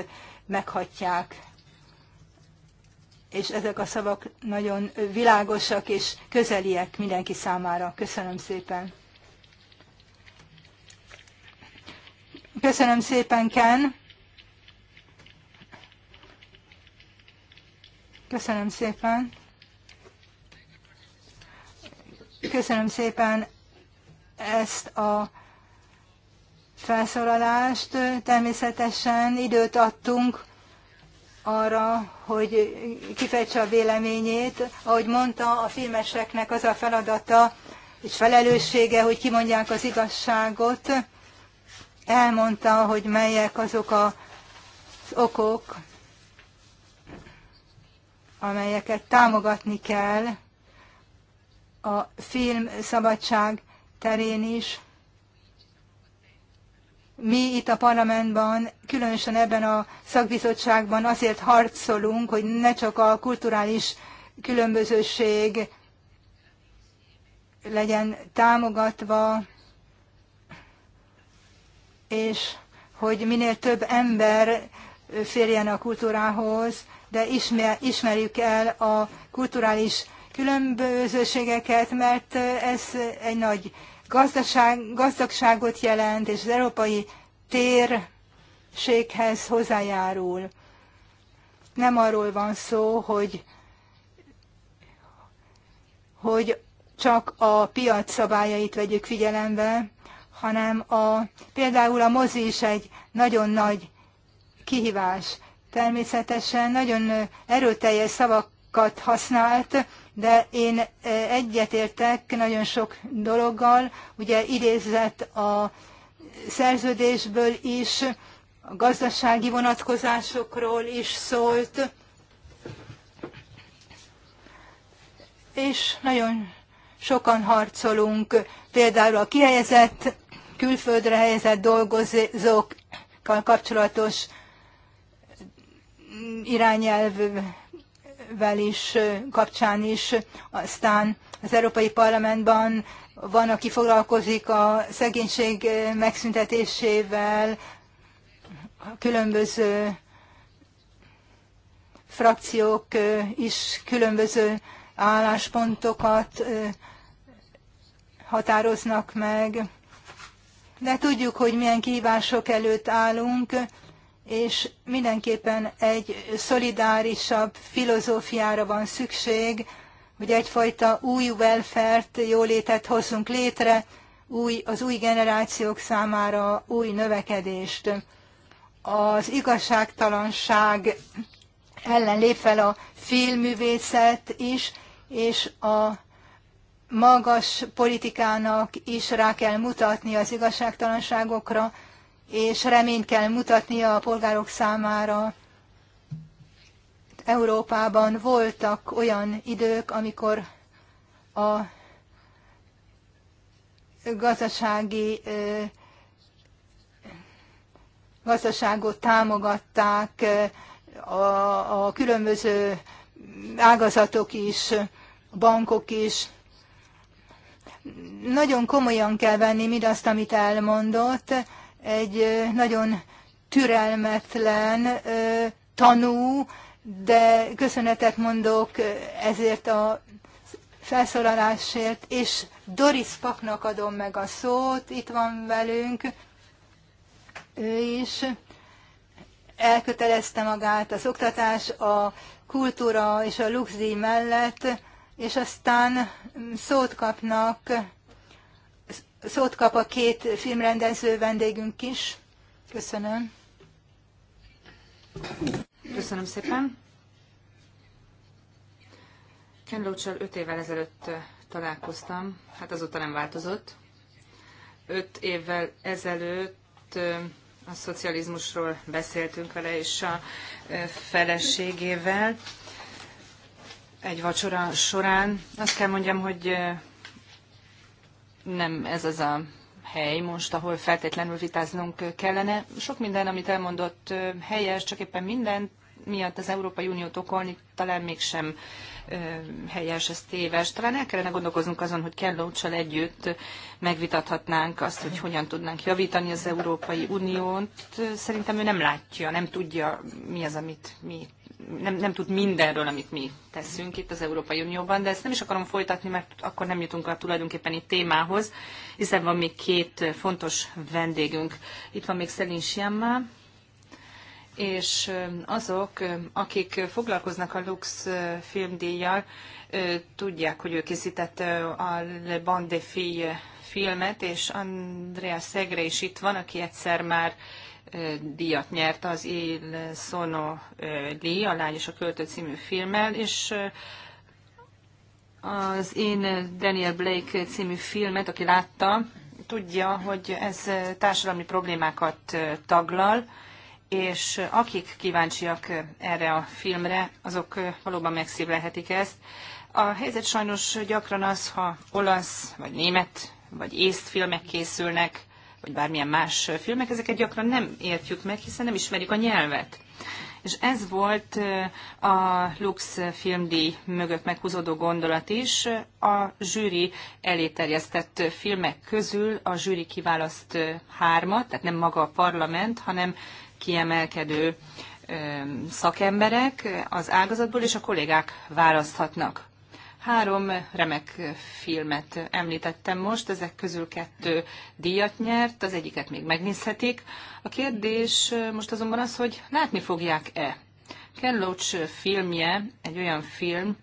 A: meghatják. És ezek a szavak nagyon világosak és közeliek mindenki számára. Köszönöm szépen. Köszönöm szépen, Ken. Köszönöm szépen. Köszönöm szépen ezt a felszólalást. Természetesen időt adtunk arra, hogy kifejtse a véleményét. Ahogy mondta, a filmeseknek az a feladata és felelőssége, hogy kimondják az igazságot. Elmondta, hogy melyek azok az okok, amelyeket támogatni kell a film szabadság terén is mi itt a parlamentben, különösen ebben a szakbizottságban azért harcolunk, hogy ne csak a kulturális különbözőség legyen támogatva, és hogy minél több ember férjen a kultúrához, de ismer, ismerjük el a kulturális különbözőségeket, mert ez egy nagy gazdaság, gazdagságot jelent, és az európai térséghez hozzájárul. Nem arról van szó, hogy, hogy csak a piac szabályait vegyük figyelembe, hanem a, például a mozi is egy nagyon nagy kihívás. Természetesen nagyon erőteljes szavakat használt de én e, egyetértek nagyon sok dologgal, ugye idézett a szerződésből is, a gazdasági vonatkozásokról is szólt, és nagyon sokan harcolunk, például a kihelyezett, külföldre helyezett dolgozókkal kapcsolatos irányelv vel is kapcsán is, aztán az Európai parlamentben van, aki foglalkozik a szegénység megszüntetésével, a különböző frakciók is különböző álláspontokat határoznak meg. De tudjuk, hogy milyen kívások előtt állunk, és mindenképpen egy szolidárisabb filozófiára van szükség, hogy egyfajta új welfare-t, jólétet hozzunk létre, új, az új generációk számára új növekedést. Az igazságtalanság ellen lép fel a filmművészet is, és a magas politikának is rá kell mutatni az igazságtalanságokra, és reményt kell mutatnia a polgárok számára. Európában voltak olyan idők, amikor a gazdasági gazdaságot támogatták a, a különböző ágazatok is, bankok is. Nagyon komolyan kell venni mindazt, amit elmondott, egy nagyon türelmetlen tanú, de köszönetet mondok ezért a felszólalásért, és Doris Paknak adom meg a szót, itt van velünk, ő is elkötelezte magát az oktatás, a kultúra és a luxdíj mellett, és aztán szót kapnak Szót kap a két filmrendező vendégünk is. Köszönöm. Köszönöm szépen. Ken
C: Loach-sal öt évvel ezelőtt találkoztam, hát azóta nem változott. Öt évvel ezelőtt a szocializmusról beszéltünk vele és a feleségével egy vacsora során. Azt kell mondjam, hogy nem ez az a hely most, ahol feltétlenül vitáznunk kellene. Sok minden, amit elmondott helyes, csak éppen minden miatt az Európai Uniót okolni talán mégsem helyes, ez téves. Talán el kellene gondolkoznunk azon, hogy Ken Loach-sal együtt megvitathatnánk azt, hogy hogyan tudnánk javítani az Európai Uniót. Szerintem ő nem látja, nem tudja, mi az, amit mi nem, nem tud mindenről, amit mi teszünk itt az Európai Unióban, de ezt nem is akarom folytatni, mert akkor nem jutunk a tulajdonképpen itt témához, hiszen van még két fontos vendégünk. Itt van még Szelin Siamma, és azok, akik foglalkoznak a Lux filmdíjjal, tudják, hogy ő készített a Le Bande Fille filmet, és Andrea Szegre is itt van, aki egyszer már díjat nyert az Il Sono Li, a Lány és a Költő című filmmel, és az én Daniel Blake című filmet, aki látta, tudja, hogy ez társadalmi problémákat taglal, és akik kíváncsiak erre a filmre, azok valóban megszívlelhetik ezt. A helyzet sajnos gyakran az, ha olasz, vagy német, vagy észt filmek készülnek, vagy bármilyen más filmek, ezeket gyakran nem értjük meg, hiszen nem ismerjük a nyelvet. És ez volt a Lux filmdíj mögött meghúzódó gondolat is. A zsűri eléterjesztett filmek közül a zsűri kiválaszt hármat, tehát nem maga a parlament, hanem kiemelkedő szakemberek az ágazatból, és a kollégák választhatnak. Három remek filmet említettem most, ezek közül kettő díjat nyert, az egyiket még megnézhetik. A kérdés most azonban az, hogy látni fogják-e. Ken Loach filmje egy olyan film,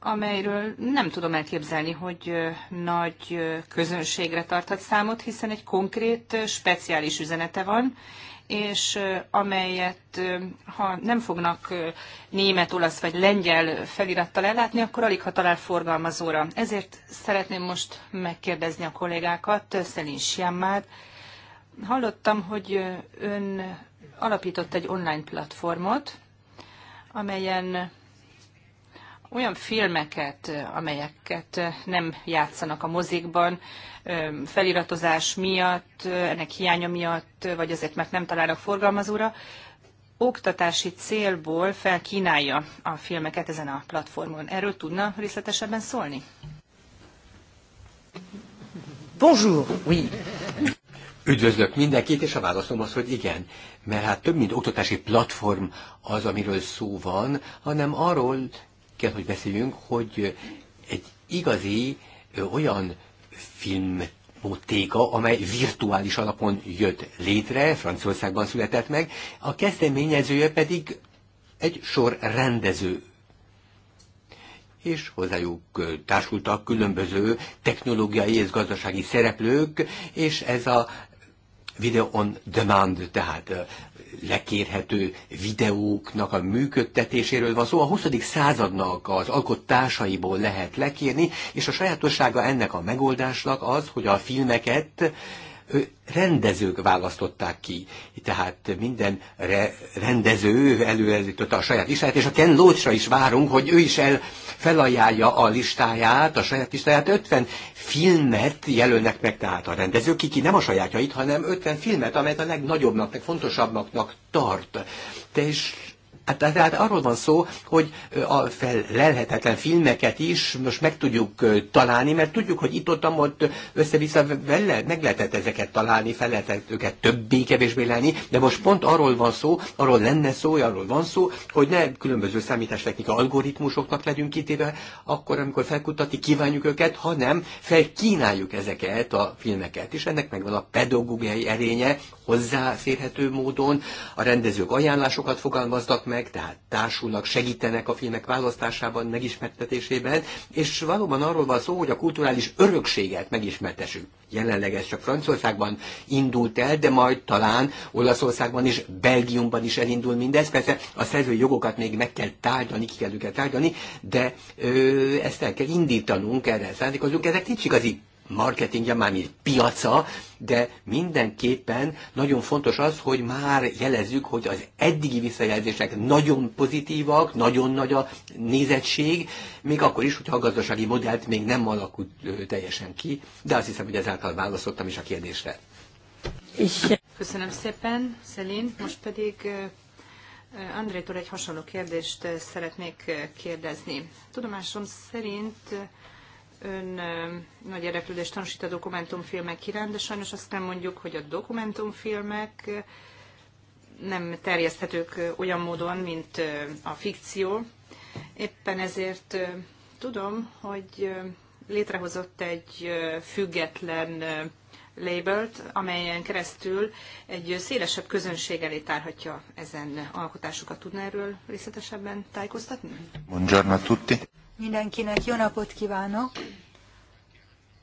C: amelyről nem tudom elképzelni, hogy nagy közönségre tarthat számot, hiszen egy konkrét, speciális üzenete van, és amelyet ha nem fognak német, olasz vagy lengyel felirattal ellátni, akkor alig ha talál forgalmazóra. Ezért szeretném most megkérdezni a kollégákat, Szelin Siammát. Hallottam, hogy ön alapított egy online platformot, amelyen olyan filmeket, amelyeket nem játszanak a mozikban, feliratozás miatt, ennek hiánya miatt, vagy azért, mert nem találnak forgalmazóra, oktatási célból felkínálja a filmeket ezen a platformon. Erről tudna részletesebben szólni?
B: Bonjour, oui. Üdvözlök mindenkit, és a válaszom az, hogy igen, mert hát több mint oktatási platform az, amiről szó van, hanem arról kell, hogy beszéljünk, hogy egy igazi olyan film Motéka, amely virtuális alapon jött létre, Franciaországban született meg, a kezdeményezője pedig egy sor rendező és hozzájuk társultak különböző technológiai és gazdasági szereplők, és ez a Video on demand, tehát lekérhető videóknak a működtetéséről van szó. A 20. századnak az alkotásaiból lehet lekérni, és a sajátossága ennek a megoldásnak az, hogy a filmeket rendezők választották ki. Tehát minden re- rendező előállította a saját listáját, és a Ken Loachra is várunk, hogy ő is el felajánlja a listáját, a saját listáját. 50 filmet jelölnek meg tehát a rendezők, ki nem a sajátjait, hanem 50 filmet, amelyet a legnagyobbnak, legfontosabbnak tart. De is Hát, tehát arról van szó, hogy a felelhetetlen filmeket is most meg tudjuk találni, mert tudjuk, hogy itt ott ott össze-vissza meg lehetett ezeket találni, fel lehetett őket többé-kevésbé lenni, de most pont arról van szó, arról lenne szó, arról van szó, hogy ne különböző számítástechnika algoritmusoknak legyünk kitéve, akkor, amikor felkutatni kívánjuk őket, hanem felkínáljuk ezeket a filmeket, és ennek megvan a pedagógiai erénye, hozzáférhető módon. A rendezők ajánlásokat fogalmaznak meg, tehát társulnak, segítenek a filmek választásában, megismertetésében, és valóban arról van szó, hogy a kulturális örökséget megismertessük. Jelenleg ez csak Franciaországban indult el, de majd talán Olaszországban és Belgiumban is elindul mindez. Persze a szerzői jogokat még meg kell tárgyalni, ki kell őket tárgyalni, de ö, ezt el kell indítanunk, erre szándékozunk. Ezek nincs igazi marketingje, mármint piaca, de mindenképpen nagyon fontos az, hogy már jelezzük, hogy az eddigi visszajelzések nagyon pozitívak, nagyon nagy a nézettség, még akkor is, hogyha a gazdasági modellt még nem alakult teljesen ki, de azt hiszem, hogy ezáltal válaszoltam is a kérdésre. Köszönöm
C: szépen, Szelin. Most pedig Andrétól egy hasonló kérdést szeretnék kérdezni. Tudomásom szerint ön nagy érdeklődést tanúsít a dokumentumfilmek iránt, de sajnos azt nem mondjuk, hogy a dokumentumfilmek nem terjeszthetők olyan módon, mint a fikció. Éppen ezért tudom, hogy létrehozott egy független labelt, amelyen keresztül egy szélesebb közönség elé tárhatja ezen
A: alkotásokat. Tudna erről részletesebben tájékoztatni?
B: Buongiorno a tutti.
A: Mindenkinek jó napot kívánok!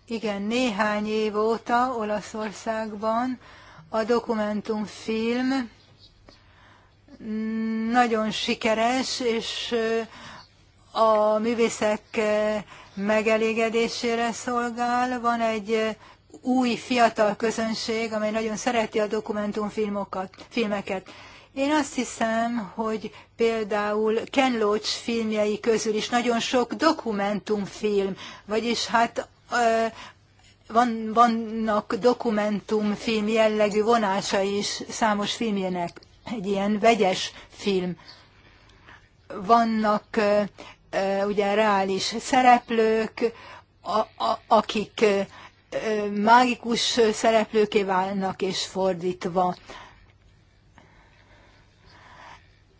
A: Igen, néhány év óta Olaszországban a dokumentumfilm nagyon sikeres, és a művészek megelégedésére szolgál. Van egy új fiatal közönség, amely nagyon szereti a dokumentumfilmokat, filmeket. Én azt hiszem, hogy például Ken Loach filmjei közül is nagyon sok dokumentumfilm, vagyis hát van, vannak dokumentumfilm jellegű vonásai is számos filmjének, egy ilyen vegyes film. Vannak ugye reális szereplők, a, a, akik mágikus szereplőké válnak, és fordítva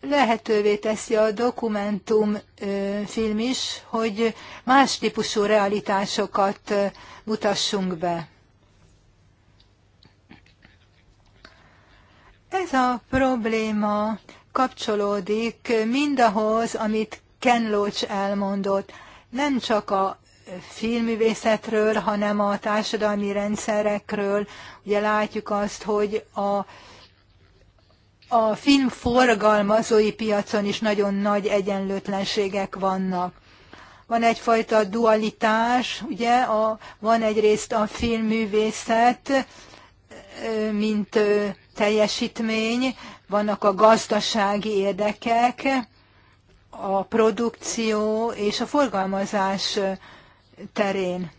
A: lehetővé teszi a dokumentumfilm is, hogy más típusú realitásokat mutassunk be. Ez a probléma kapcsolódik mindahhoz, amit Ken Loach elmondott. Nem csak a filmművészetről, hanem a társadalmi rendszerekről. Ugye látjuk azt, hogy a a film forgalmazói piacon is nagyon nagy egyenlőtlenségek vannak. Van egyfajta dualitás, ugye, a, van egyrészt a filmművészet, mint teljesítmény, vannak a gazdasági érdekek, a produkció és a forgalmazás terén.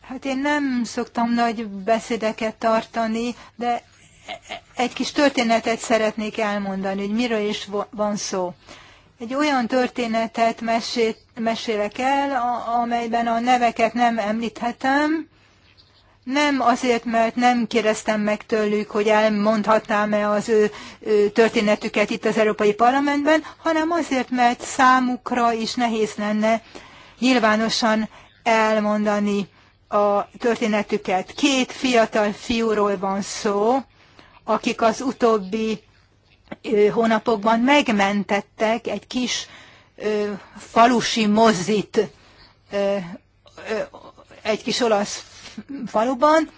A: Hát én nem szoktam nagy beszédeket tartani, de egy kis történetet szeretnék elmondani, hogy miről is van szó. Egy olyan történetet mesét, mesélek el, amelyben a neveket nem említhetem, nem azért, mert nem kérdeztem meg tőlük, hogy elmondhatnám-e az ő, ő történetüket itt az Európai Parlamentben, hanem azért, mert számukra is nehéz lenne nyilvánosan elmondani a történetüket. Két fiatal fiúról van szó, akik az utóbbi hónapokban megmentettek egy kis falusi mozit egy kis olasz faluban.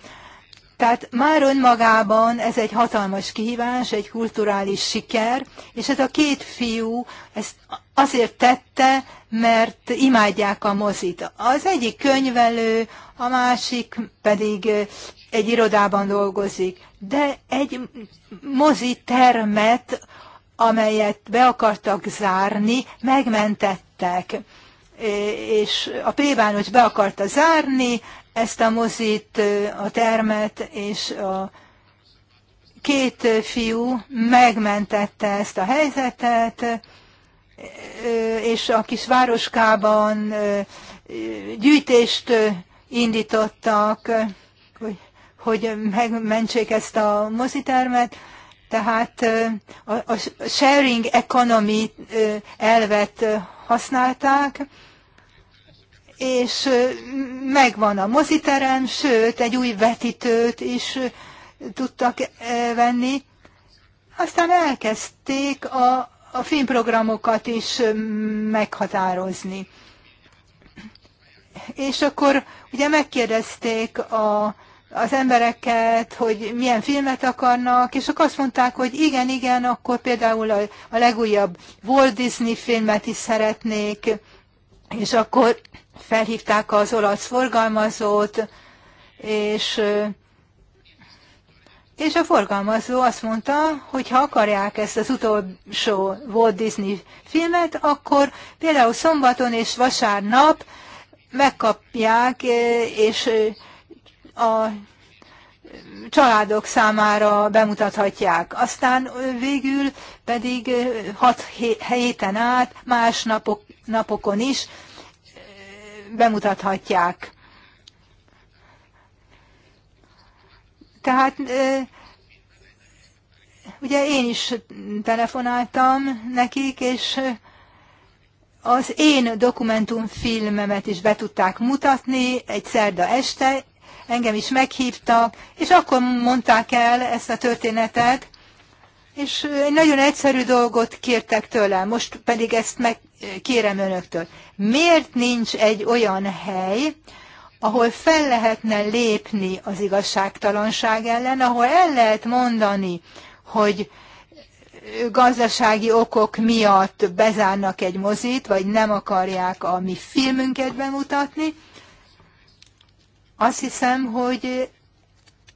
A: Tehát már önmagában ez egy hatalmas kihívás, egy kulturális siker, és ez a két fiú ezt azért tette, mert imádják a mozit. Az egyik könyvelő, a másik pedig egy irodában dolgozik, de egy mozi termet, amelyet be akartak zárni, megmentettek. És a plébános be akarta zárni ezt a mozit, a termet, és a két fiú megmentette ezt a helyzetet, és a kis városkában gyűjtést indítottak, hogy hogy megmentsék ezt a mozitermet, tehát a, sharing economy elvet használták, és megvan a moziterem, sőt, egy új vetítőt is tudtak venni. Aztán elkezdték a, a filmprogramokat is meghatározni. És akkor ugye megkérdezték a az embereket, hogy milyen filmet akarnak, és akkor azt mondták, hogy igen, igen, akkor például a, a legújabb Walt Disney filmet is szeretnék, és akkor felhívták az olasz forgalmazót, és és a forgalmazó azt mondta, hogy ha akarják ezt az utolsó Walt Disney filmet, akkor például szombaton és vasárnap megkapják, és a családok számára bemutathatják. Aztán végül pedig hat héten át, más napok, napokon is bemutathatják. Tehát ugye én is telefonáltam nekik, és az én dokumentumfilmemet is be tudták mutatni egy szerda este, engem is meghívtak, és akkor mondták el ezt a történetet, és egy nagyon egyszerű dolgot kértek tőlem, most pedig ezt megkérem önöktől. Miért nincs egy olyan hely, ahol fel lehetne lépni az igazságtalanság ellen, ahol el lehet mondani, hogy gazdasági okok miatt bezárnak egy mozit, vagy nem akarják a mi filmünket bemutatni, azt hiszem, hogy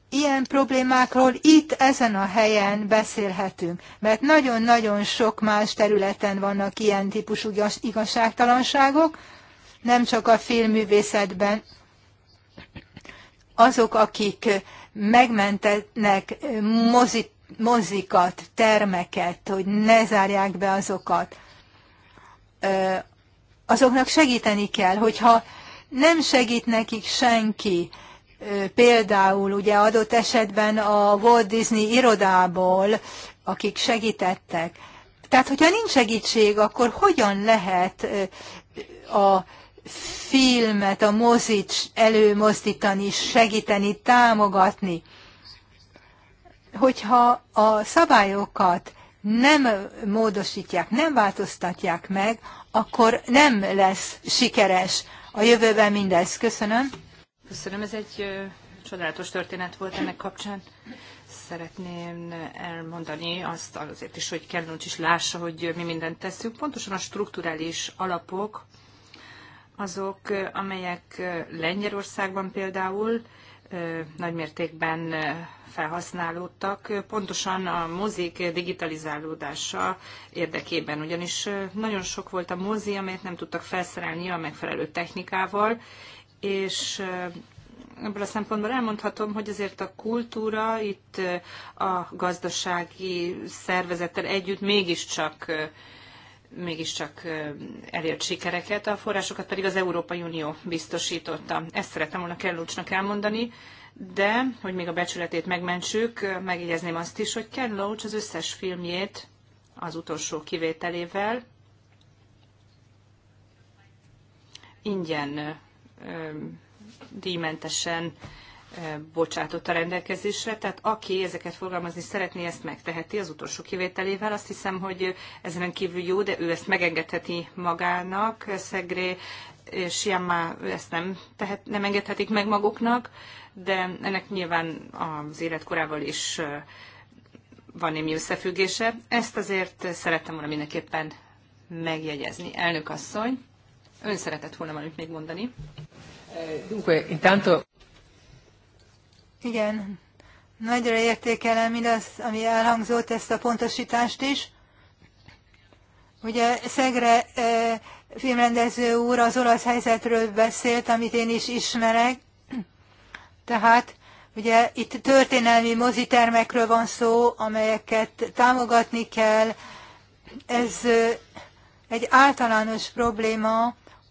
A: ilyen problémákról itt, ezen a helyen beszélhetünk, mert nagyon-nagyon sok más területen vannak ilyen típusú igazságtalanságok, nem csak a filmművészetben. Azok, akik megmentetnek mozi mozikat, termeket, hogy ne zárják be azokat, azoknak segíteni kell, hogyha nem segít nekik senki. Például ugye adott esetben a Walt Disney irodából, akik segítettek. Tehát, hogyha nincs segítség, akkor hogyan lehet a filmet, a mozit előmozdítani, segíteni, támogatni? Hogyha a szabályokat nem módosítják, nem változtatják meg, akkor nem lesz sikeres a jövőben mindez. Köszönöm.
C: Köszönöm, ez egy ö, csodálatos történet volt ennek kapcsán. Szeretném elmondani azt azért is, hogy Kelluncs is lássa, hogy mi mindent teszünk. Pontosan a strukturális alapok, azok, amelyek Lengyelországban például nagymértékben felhasználódtak pontosan a mozik digitalizálódása érdekében, ugyanis nagyon sok volt a mozi, amelyet nem tudtak felszerelni a megfelelő technikával, és ebből a szempontból elmondhatom, hogy azért a kultúra itt a gazdasági szervezettel együtt mégiscsak mégiscsak elért sikereket, a forrásokat pedig az Európai Unió biztosította. Ezt szeretem volna Kellucsnak elmondani, de, hogy még a becsületét megmentsük, megjegyezném azt is, hogy Ken Loach az összes filmjét az utolsó kivételével ingyen díjmentesen bocsátott a rendelkezésre, tehát aki ezeket forgalmazni szeretné, ezt megteheti az utolsó kivételével. Azt hiszem, hogy ezen kívül jó, de ő ezt megengedheti magának. Szegré és Jamma ezt nem, tehet, nem engedhetik meg maguknak de ennek nyilván az életkorával is van némi összefüggése. Ezt azért szerettem volna mindenképpen megjegyezni. Elnök asszony, ön szeretett volna valamit még mondani.
B: Dunque, intanto...
A: Igen, nagyra értékelem mindazt, ami elhangzott, ezt a pontosítást is. Ugye Szegre filmrendező úr az olasz helyzetről beszélt, amit én is ismerek, tehát ugye itt történelmi mozitermekről van szó, amelyeket támogatni kell. Ez egy általános probléma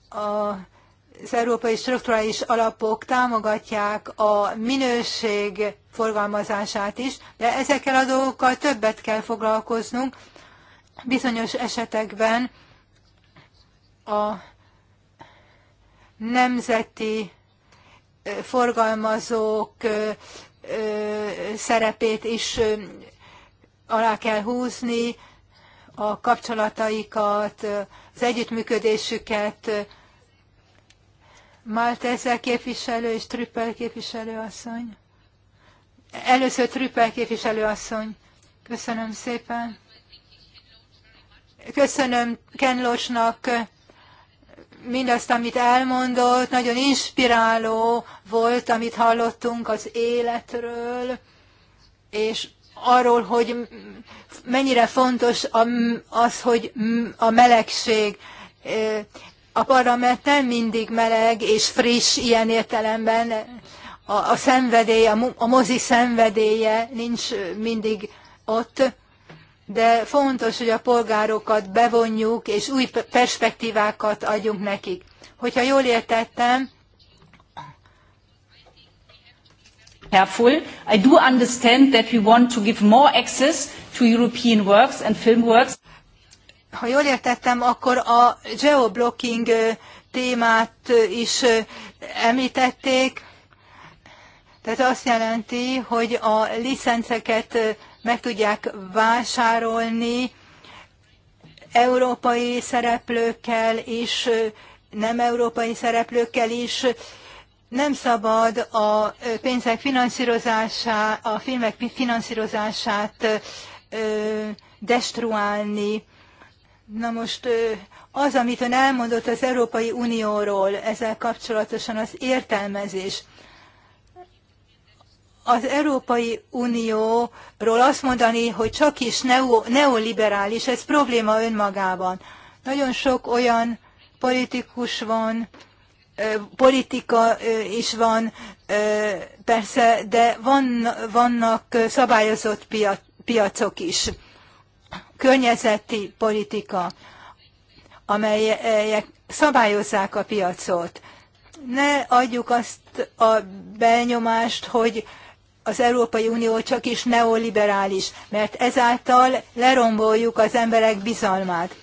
A: a az európai strukturális alapok támogatják a minőség forgalmazását is, de ezekkel a dolgokkal többet kell foglalkoznunk. Bizonyos esetekben a nemzeti forgalmazók szerepét is alá kell húzni, a kapcsolataikat, az együttműködésüket. ezzel képviselő és Trüppel képviselőasszony. Először Trüppel képviselőasszony. Köszönöm szépen. Köszönöm Ken Lodge-nak mindazt, amit elmondott, nagyon inspiráló volt, amit hallottunk az életről, és arról, hogy mennyire fontos az, hogy a melegség. A parlament nem mindig meleg és friss ilyen értelemben. A, a szenvedély, a, a mozi szenvedélye nincs mindig ott de fontos, hogy a polgárokat bevonjuk, és új perspektívákat adjunk nekik. Hogyha jól értettem, Careful. I do
C: understand that we want to give more access to European works and film works.
A: Ha jól értettem, akkor a geoblocking témát is említették. Tehát azt jelenti, hogy a licenceket meg tudják vásárolni európai szereplőkkel is, nem európai szereplőkkel is. Nem szabad a pénzek finanszírozása, a filmek finanszírozását destruálni. Na most az, amit ön elmondott az Európai Unióról, ezzel kapcsolatosan az értelmezés az Európai Unióról azt mondani, hogy csak is neo, neoliberális, ez probléma önmagában. Nagyon sok olyan politikus van, politika is van, persze, de van, vannak szabályozott piacok is. Környezeti politika, amelyek szabályozzák a piacot. Ne adjuk azt a benyomást, hogy az Európai Unió csak is neoliberális, mert ezáltal leromboljuk az emberek bizalmát.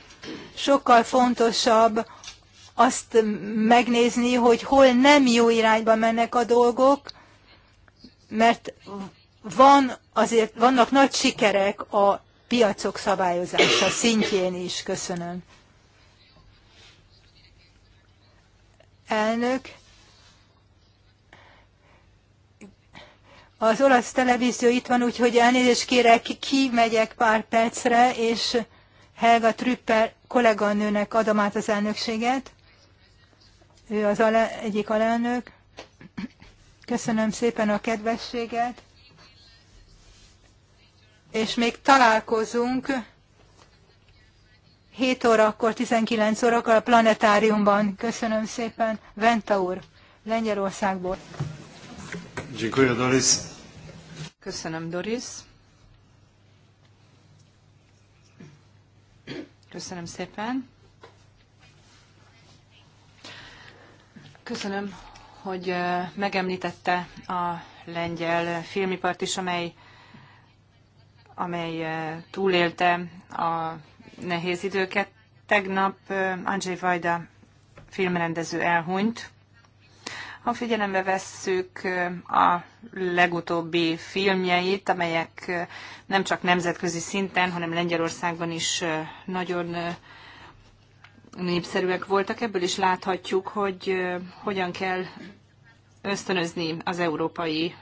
A: Sokkal fontosabb azt megnézni, hogy hol nem jó irányba mennek a dolgok, mert van azért, vannak nagy sikerek a piacok szabályozása szintjén is. Köszönöm. Elnök, Az olasz televízió itt van, úgyhogy elnézést kérek, kimegyek pár percre, és Helga Trüppel kolléganőnek adom át az elnökséget. Ő az ale, egyik alelnök. Köszönöm szépen a kedvességet. És még találkozunk 7 órakor, 19 órakor a planetáriumban. Köszönöm szépen. Venta úr, Lengyelországból.
C: Dziękuję, Doris.
A: Köszönöm, Doris.
C: Köszönöm szépen. Köszönöm, hogy megemlítette a lengyel filmipart is, amely, amely túlélte a nehéz időket. Tegnap Andrzej Vajda filmrendező elhunyt, ha figyelembe vesszük a legutóbbi filmjeit, amelyek nem csak nemzetközi szinten, hanem Lengyelországban is nagyon népszerűek voltak, ebből is láthatjuk, hogy hogyan kell ösztönözni az európai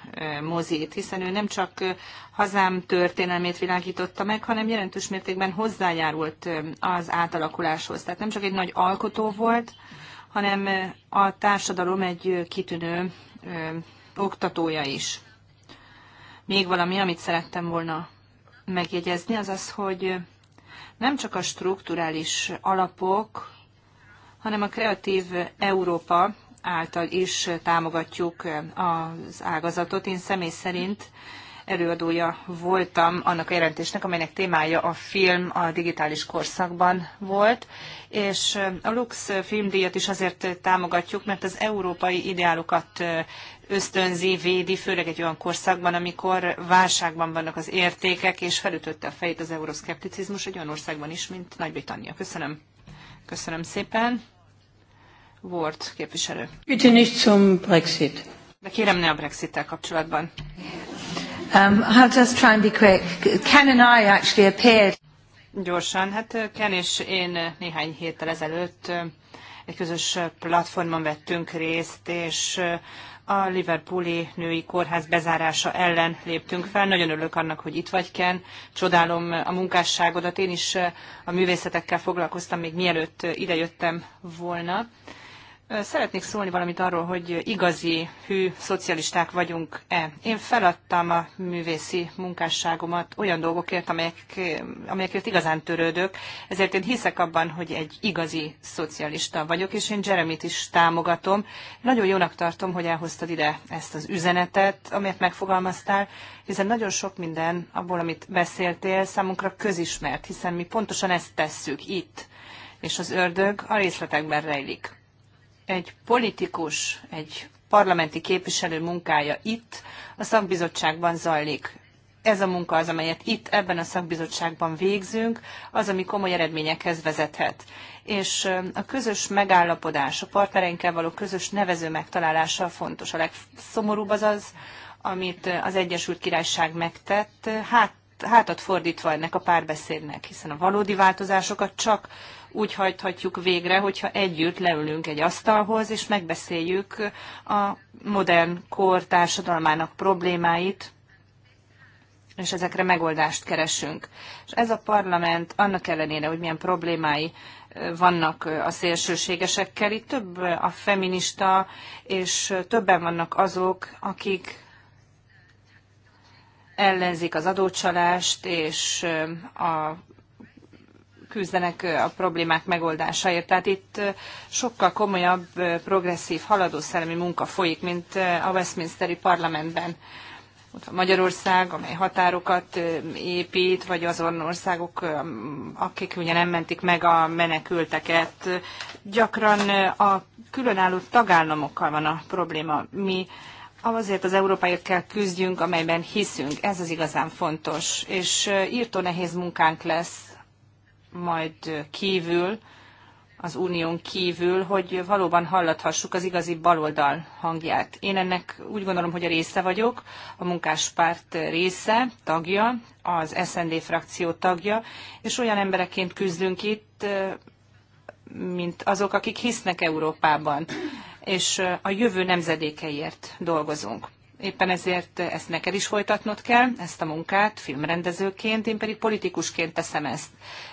C: mozit, hiszen ő nem csak hazám történelmét világította meg, hanem jelentős mértékben hozzájárult az átalakuláshoz. Tehát nem csak egy nagy alkotó volt, hanem a társadalom egy kitűnő ö, oktatója is. Még valami, amit szerettem volna megjegyezni, az az, hogy nem csak a strukturális alapok, hanem a kreatív Európa által is támogatjuk az ágazatot. Én személy szerint előadója voltam annak a jelentésnek, amelynek témája a film a digitális korszakban volt, és a Lux filmdíjat is azért támogatjuk, mert az európai ideálokat ösztönzi, védi, főleg egy olyan korszakban, amikor válságban vannak az értékek, és felütötte a fejét az euroszkepticizmus egy olyan országban is, mint Nagy-Britannia. Köszönöm. Köszönöm szépen. Ward képviselő.
A: Bitte nicht zum Brexit.
C: De kérem ne a Brexit-tel kapcsolatban.
A: Um, I'll just try and be quick. Ken and I actually appeared.
C: Gyorsan, hát uh, Ken és én uh, néhány héttel ezelőtt uh, egy közös platformon vettünk részt, és a Liverpooli női kórház bezárása ellen léptünk fel. Nagyon örülök annak, hogy itt vagy, Ken. Csodálom a munkásságodat. Én is a művészetekkel foglalkoztam, még mielőtt idejöttem volna. Szeretnék szólni valamit arról, hogy igazi, hű szocialisták vagyunk-e. Én feladtam a művészi munkásságomat olyan dolgokért, amelyek, amelyekért igazán törődök, ezért én hiszek abban, hogy egy igazi szocialista vagyok, és én Jeremit is támogatom. Nagyon jónak tartom, hogy elhoztad ide ezt az üzenetet, amelyet megfogalmaztál, hiszen nagyon sok minden abból, amit beszéltél, számunkra közismert, hiszen mi pontosan ezt tesszük itt, és az ördög a részletekben rejlik egy politikus, egy parlamenti képviselő munkája itt a szakbizottságban zajlik. Ez a munka az, amelyet itt ebben a szakbizottságban végzünk, az, ami komoly eredményekhez vezethet. És a közös megállapodás, a partnereinkkel való közös nevező megtalálása fontos. A legszomorúbb az az, amit az Egyesült Királyság megtett, hát, hátat fordítva ennek a párbeszédnek, hiszen a valódi változásokat csak úgy hajthatjuk végre, hogyha együtt leülünk egy asztalhoz, és megbeszéljük a modern kor társadalmának problémáit, és ezekre megoldást keresünk. És ez a parlament annak ellenére, hogy milyen problémái vannak a szélsőségesekkel, itt több a feminista, és többen vannak azok, akik ellenzik az adócsalást és a küzdenek a problémák megoldásáért. Tehát itt sokkal komolyabb, progresszív, haladó szellemi munka folyik, mint a Westminsteri parlamentben. Ott van Magyarország, amely határokat épít, vagy azon országok, akik ugye nem mentik meg a menekülteket. Gyakran a különálló tagállamokkal van a probléma. Mi Azért az európaiért kell küzdjünk, amelyben hiszünk. Ez az igazán fontos. És írtó nehéz munkánk lesz majd kívül, az unión kívül, hogy valóban hallathassuk az igazi baloldal hangját. Én ennek úgy gondolom, hogy a része vagyok, a munkáspárt része, tagja, az SND frakció tagja, és olyan embereként küzdünk itt, mint azok, akik hisznek Európában, és a jövő nemzedékeiért dolgozunk éppen ezért ezt neked is folytatnod kell, ezt a munkát, filmrendezőként, én pedig politikusként teszem ezt.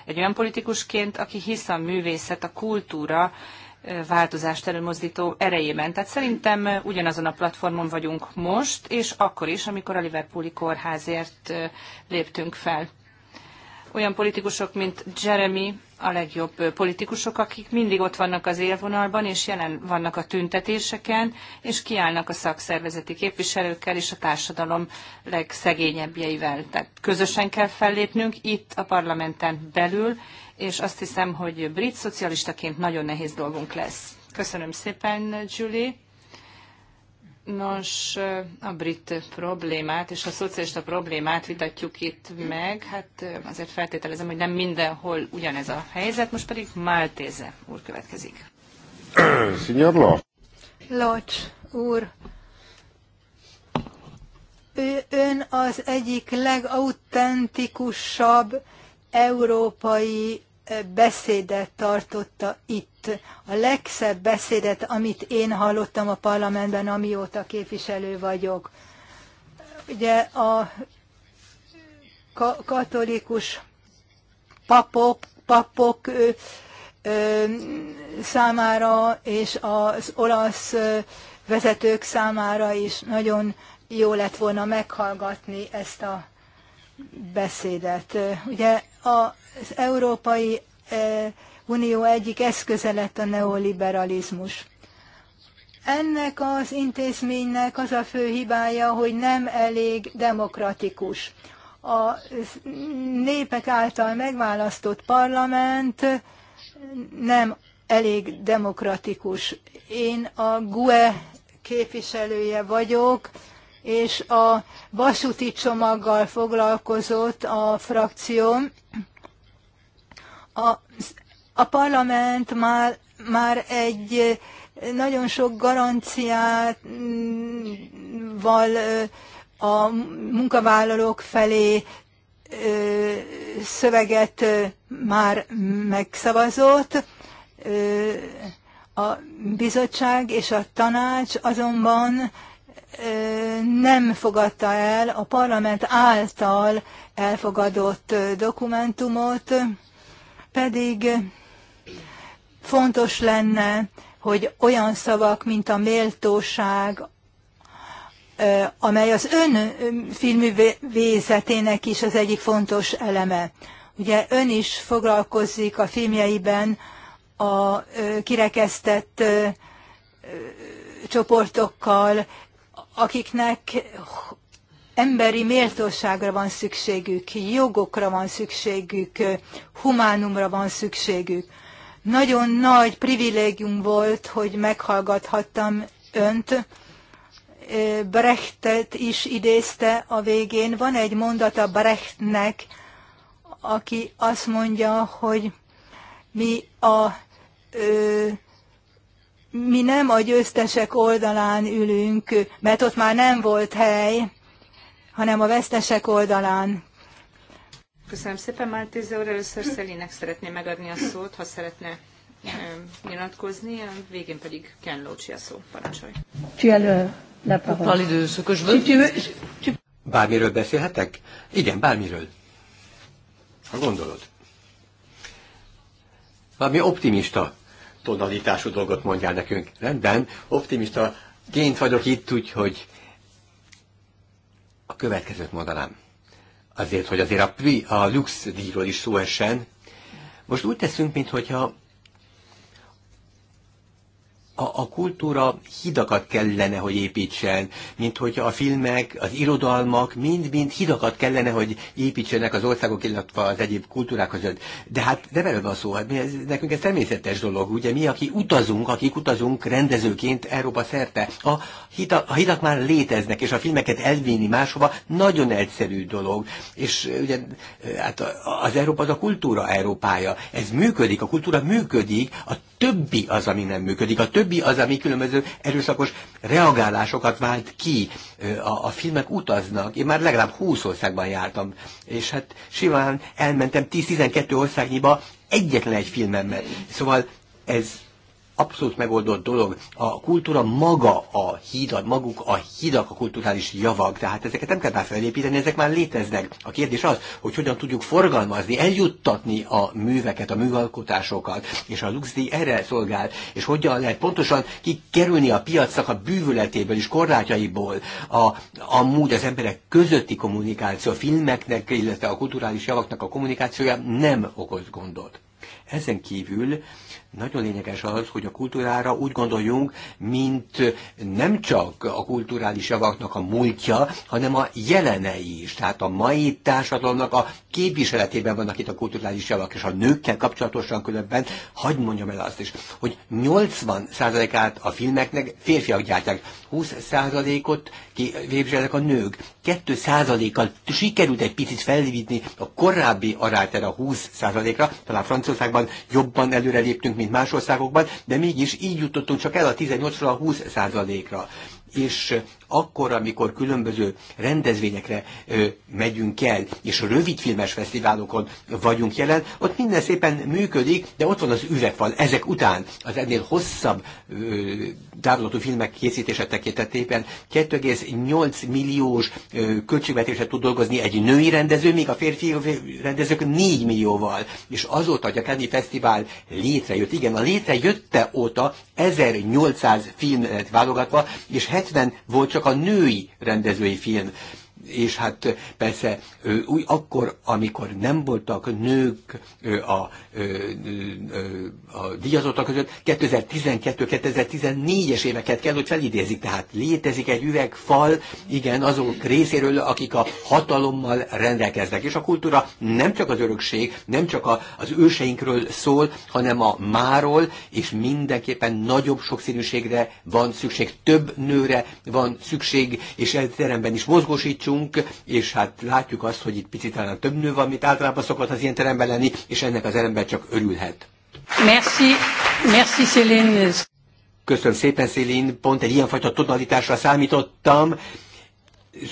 C: Egy olyan politikusként, aki hisz a művészet, a kultúra változást előmozdító erejében. Tehát szerintem ugyanazon a platformon vagyunk most, és akkor is, amikor a Liverpooli kórházért léptünk fel olyan politikusok, mint Jeremy a legjobb politikusok, akik mindig ott vannak az élvonalban, és jelen vannak a tüntetéseken, és kiállnak a szakszervezeti képviselőkkel és a társadalom legszegényebbjeivel. Tehát közösen kell fellépnünk itt a parlamenten belül, és azt hiszem, hogy brit szocialistaként nagyon nehéz dolgunk lesz. Köszönöm szépen, Julie. Nos, a brit problémát és a szocialista problémát vitatjuk itt meg. Hát azért feltételezem, hogy nem mindenhol ugyanez a helyzet. Most pedig Máltéze úr következik. <coughs> Signor Lott.
A: Lott úr. Ő, ön az egyik legautentikusabb európai beszédet tartotta itt. A legszebb beszédet, amit én hallottam a parlamentben, amióta képviselő vagyok. Ugye a ka- katolikus papok, papok ö, ö, számára és az olasz vezetők számára is nagyon jó lett volna meghallgatni ezt a beszédet. Ugye a az Európai e, Unió egyik eszköze lett a neoliberalizmus. Ennek az intézménynek az a fő hibája, hogy nem elég demokratikus. A népek által megválasztott parlament nem elég demokratikus. Én a GUE képviselője vagyok, és a vasúti csomaggal foglalkozott a frakcióm, a, a parlament már, már egy nagyon sok garanciával a munkavállalók felé szöveget már megszavazott. A bizottság és a tanács azonban nem fogadta el a parlament által elfogadott dokumentumot, pedig fontos lenne, hogy olyan szavak, mint a méltóság, amely az ön filmvézetének is az egyik fontos eleme. Ugye ön is foglalkozik a filmjeiben a kirekesztett csoportokkal, akiknek emberi méltóságra van szükségük, jogokra van szükségük, humánumra van szükségük. Nagyon nagy privilégium volt, hogy meghallgathattam önt. Brechtet is idézte a végén. Van egy mondata Brechtnek, aki azt mondja, hogy mi a ö, mi nem a győztesek oldalán ülünk, mert ott már nem volt hely, hanem a vesztesek oldalán.
C: Köszönöm szépen, Máltéze úr. Először Szelinek szeretném megadni a szót, ha szeretne nyilatkozni, a végén pedig Ken Lócsi a szó. Parancsolj.
A: Tu la parole.
B: Bármiről beszélhetek? Igen, bármiről. Ha gondolod. Valami optimista tonalitású dolgot mondjál nekünk. Rendben, optimista gént vagyok itt, úgyhogy következőt mondanám. Azért, hogy azért a, pri, a lux díjról is szó essen. Most úgy teszünk, mintha a, a kultúra hidakat kellene, hogy építsen, mint hogy a filmek, az irodalmak mind-mind hidakat kellene, hogy építsenek az országok, illetve az egyéb kultúrák között. De hát nem erről van szó, hát mi ez, nekünk ez természetes dolog, ugye mi, aki utazunk, akik utazunk rendezőként Európa szerte, a, hida, a hidak már léteznek, és a filmeket elvinni máshova nagyon egyszerű dolog. És ugye hát az Európa az a kultúra Európája, ez működik, a kultúra működik, a többi az, ami nem működik, a többi többi az, ami különböző erőszakos reagálásokat vált ki. A, a filmek utaznak. Én már legalább 20 országban jártam, és hát simán elmentem 10-12 országnyiba egyetlen egy filmemmel. Szóval ez abszolút megoldott dolog. A kultúra maga a híd, maguk a hídak a kulturális javak, tehát ezeket nem kell már felépíteni, ezek már léteznek. A kérdés az, hogy hogyan tudjuk forgalmazni, eljuttatni a műveket, a műalkotásokat, és a luxdi erre szolgál, és hogyan lehet pontosan kikerülni a piacnak a bűvületéből és korlátjaiból, a, amúgy az emberek közötti kommunikáció, a filmeknek, illetve a kulturális javaknak a kommunikációja nem okoz gondot. Ezen kívül nagyon lényeges az, hogy a kultúrára úgy gondoljunk, mint nem csak a kulturális javaknak a múltja, hanem a jelene is. Tehát a mai társadalomnak a képviseletében vannak itt a kulturális javak, és a nőkkel kapcsolatosan különben, hagyd mondjam el azt is, hogy 80%-át a filmeknek férfiak gyártják, 20%-ot képviselnek a nők, 2%-kal sikerült egy picit felvidni a korábbi arányt erre a 20%-ra, talán Franciaországban jobban előreléptünk, mint mint más országokban, de mégis így jutottunk csak el a 18-ra a 20 százalékra. És akkor, amikor különböző rendezvényekre ö, megyünk el, és rövidfilmes fesztiválokon vagyunk jelen, ott minden szépen működik, de ott van az üvegfal. Ezek után az ennél hosszabb ö, távlatú filmek készítése tekintetében 2,8 milliós ö, költségvetésre tud dolgozni egy női rendező, még a férfi rendezők 4 millióval. És azóta, hogy a Cannes Fesztivál létrejött, igen, a létrejötte óta 1800 film lett válogatva, és 70 volt csak a női rendezői film és hát persze új akkor, amikor nem voltak nők a, a, a díjazottak között, 2012-2014-es éveket kell, hogy felidézik. Tehát létezik egy üvegfal, igen, azok részéről, akik a hatalommal rendelkeznek. És a kultúra nem csak az örökség, nem csak a, az őseinkről szól, hanem a máról, és mindenképpen nagyobb sokszínűségre van szükség, több nőre van szükség, és ez teremben is mozgósítsunk, vagyunk, és hát látjuk azt, hogy itt picit talán több nő van, mint általában szokott az ilyen teremben lenni, és ennek az ember csak örülhet.
A: Merci, merci Céline.
B: Köszönöm szépen, Szélin. Pont egy ilyenfajta tonalitásra számítottam.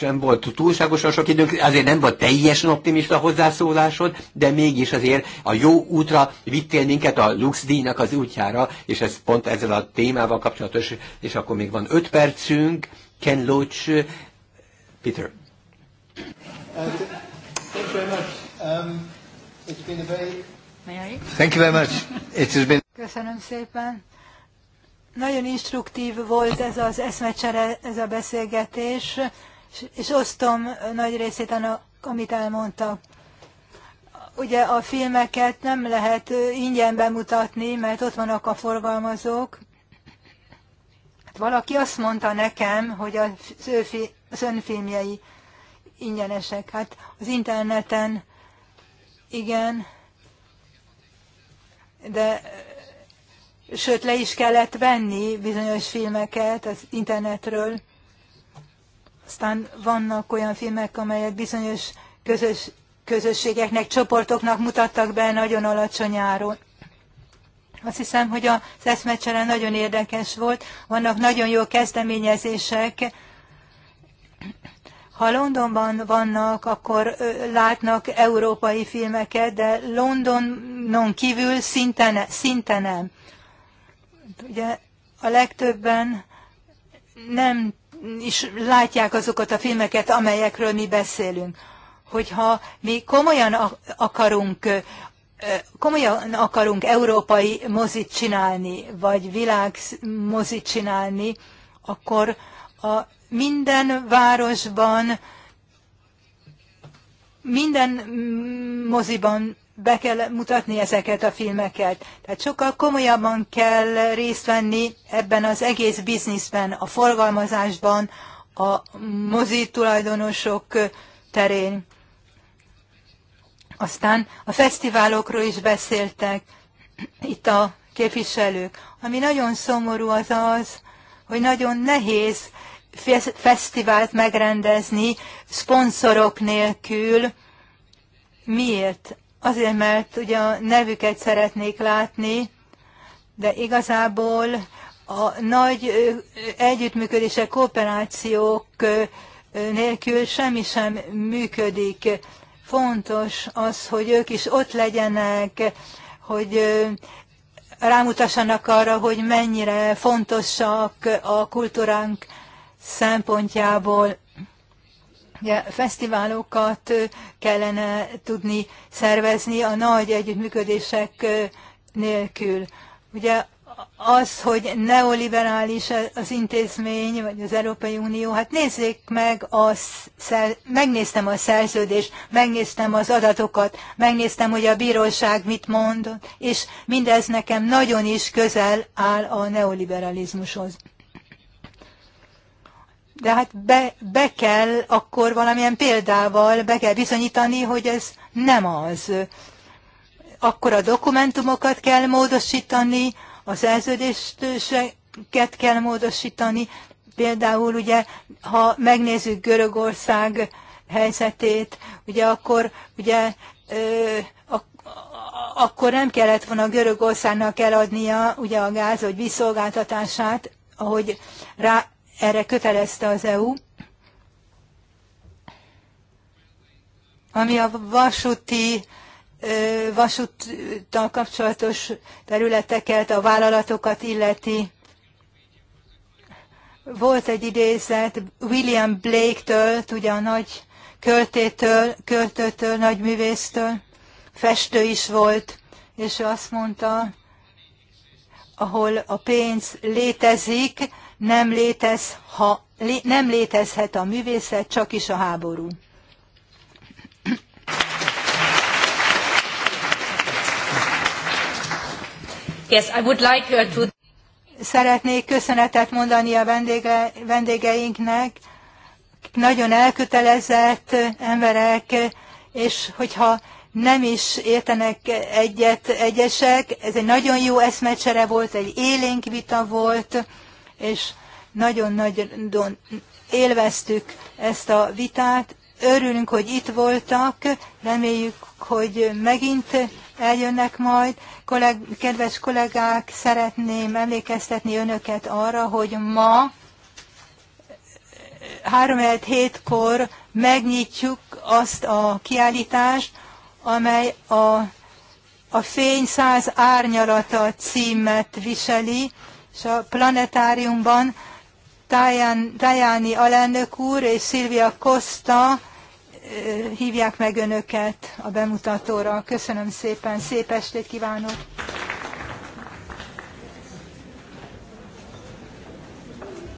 B: nem volt túlságosan sok időnk, azért nem volt teljesen optimista hozzászólásod, de mégis azért a jó útra vittél minket a Lux díjnak az útjára, és ez pont ezzel a témával kapcsolatos, és akkor még van öt percünk. Ken Loach, Peter. Um, thank you very much. Um, it's been a very... Thank you very much. It has been...
A: Köszönöm szépen. Nagyon instruktív volt ez az eszmecsere, ez a beszélgetés, és osztom nagy részét annak, amit elmondta. ugye a filmeket nem lehet ingyen bemutatni, mert ott vannak a forgalmazók. Hát valaki azt mondta nekem, hogy az, ő fi, az önfilmjei ingyenesek. Hát az interneten igen, de sőt le is kellett venni bizonyos filmeket az internetről. Aztán vannak olyan filmek, amelyet bizonyos közös, közösségeknek, csoportoknak mutattak be nagyon alacsony áron. Azt hiszem, hogy az eszmecsere nagyon érdekes volt. Vannak nagyon jó kezdeményezések, ha Londonban vannak, akkor látnak európai filmeket, de Londonon kívül szinte, ne, szinte nem. Ugye a legtöbben nem is látják azokat a filmeket, amelyekről mi beszélünk. Hogyha mi komolyan akarunk komolyan akarunk európai mozit csinálni, vagy világmozit csinálni, akkor a minden városban, minden moziban be kell mutatni ezeket a filmeket. Tehát sokkal komolyabban kell részt venni ebben az egész bizniszben, a forgalmazásban, a mozi tulajdonosok terén. Aztán a fesztiválokról is beszéltek itt a képviselők. Ami nagyon szomorú az az, hogy nagyon nehéz fesztivált megrendezni szponzorok nélkül. Miért? Azért, mert ugye a nevüket szeretnék látni, de igazából a nagy együttműködések, kooperációk nélkül semmi sem működik. Fontos az, hogy ők is ott legyenek, hogy rámutassanak arra, hogy mennyire fontosak a kultúránk szempontjából fesztiválokat kellene tudni szervezni a nagy együttműködések nélkül. Ugye az, hogy neoliberális e-, az intézmény, vagy az Európai Unió, hát nézzék meg, a szer, megnéztem a szerződést, megnéztem az adatokat, megnéztem, hogy a bíróság mit mond, és mindez nekem nagyon is közel áll a neoliberalizmushoz de hát be, be kell akkor valamilyen példával be kell bizonyítani, hogy ez nem az. Akkor a dokumentumokat kell módosítani, a szerződéseket kell módosítani. Például ugye, ha megnézzük Görögország helyzetét, ugye akkor ugye ö, a, akkor nem kellett volna Görögországnak eladnia ugye a gáz, hogy vízszolgáltatását, ahogy rá, erre kötelezte az EU. Ami a vasúti vasúttal kapcsolatos területeket, a vállalatokat illeti. Volt egy idézet William Blake-től, ugye a nagy költétől, költőtől, nagy művésztől, festő is volt, és ő azt mondta, ahol a pénz létezik, nem, létez, ha, lé, nem létezhet a művészet, csak is a háború. Yes, I would like uh, to... Szeretnék köszönetet mondani a vendége, vendégeinknek, nagyon elkötelezett emberek, és hogyha nem is értenek egyet egyesek, ez egy nagyon jó eszmecsere volt, egy élénk vita volt, és nagyon-nagyon élveztük ezt a vitát. Örülünk, hogy itt voltak, reméljük, hogy megint eljönnek majd. Kolleg, kedves kollégák, szeretném emlékeztetni önöket arra, hogy ma 3-7-kor megnyitjuk azt a kiállítást, amely a, a Fény száz árnyalata címet viseli és a planetáriumban Tajani alelnök úr és Szilvia Costa hívják meg önöket a bemutatóra. Köszönöm szépen, szép estét kívánok!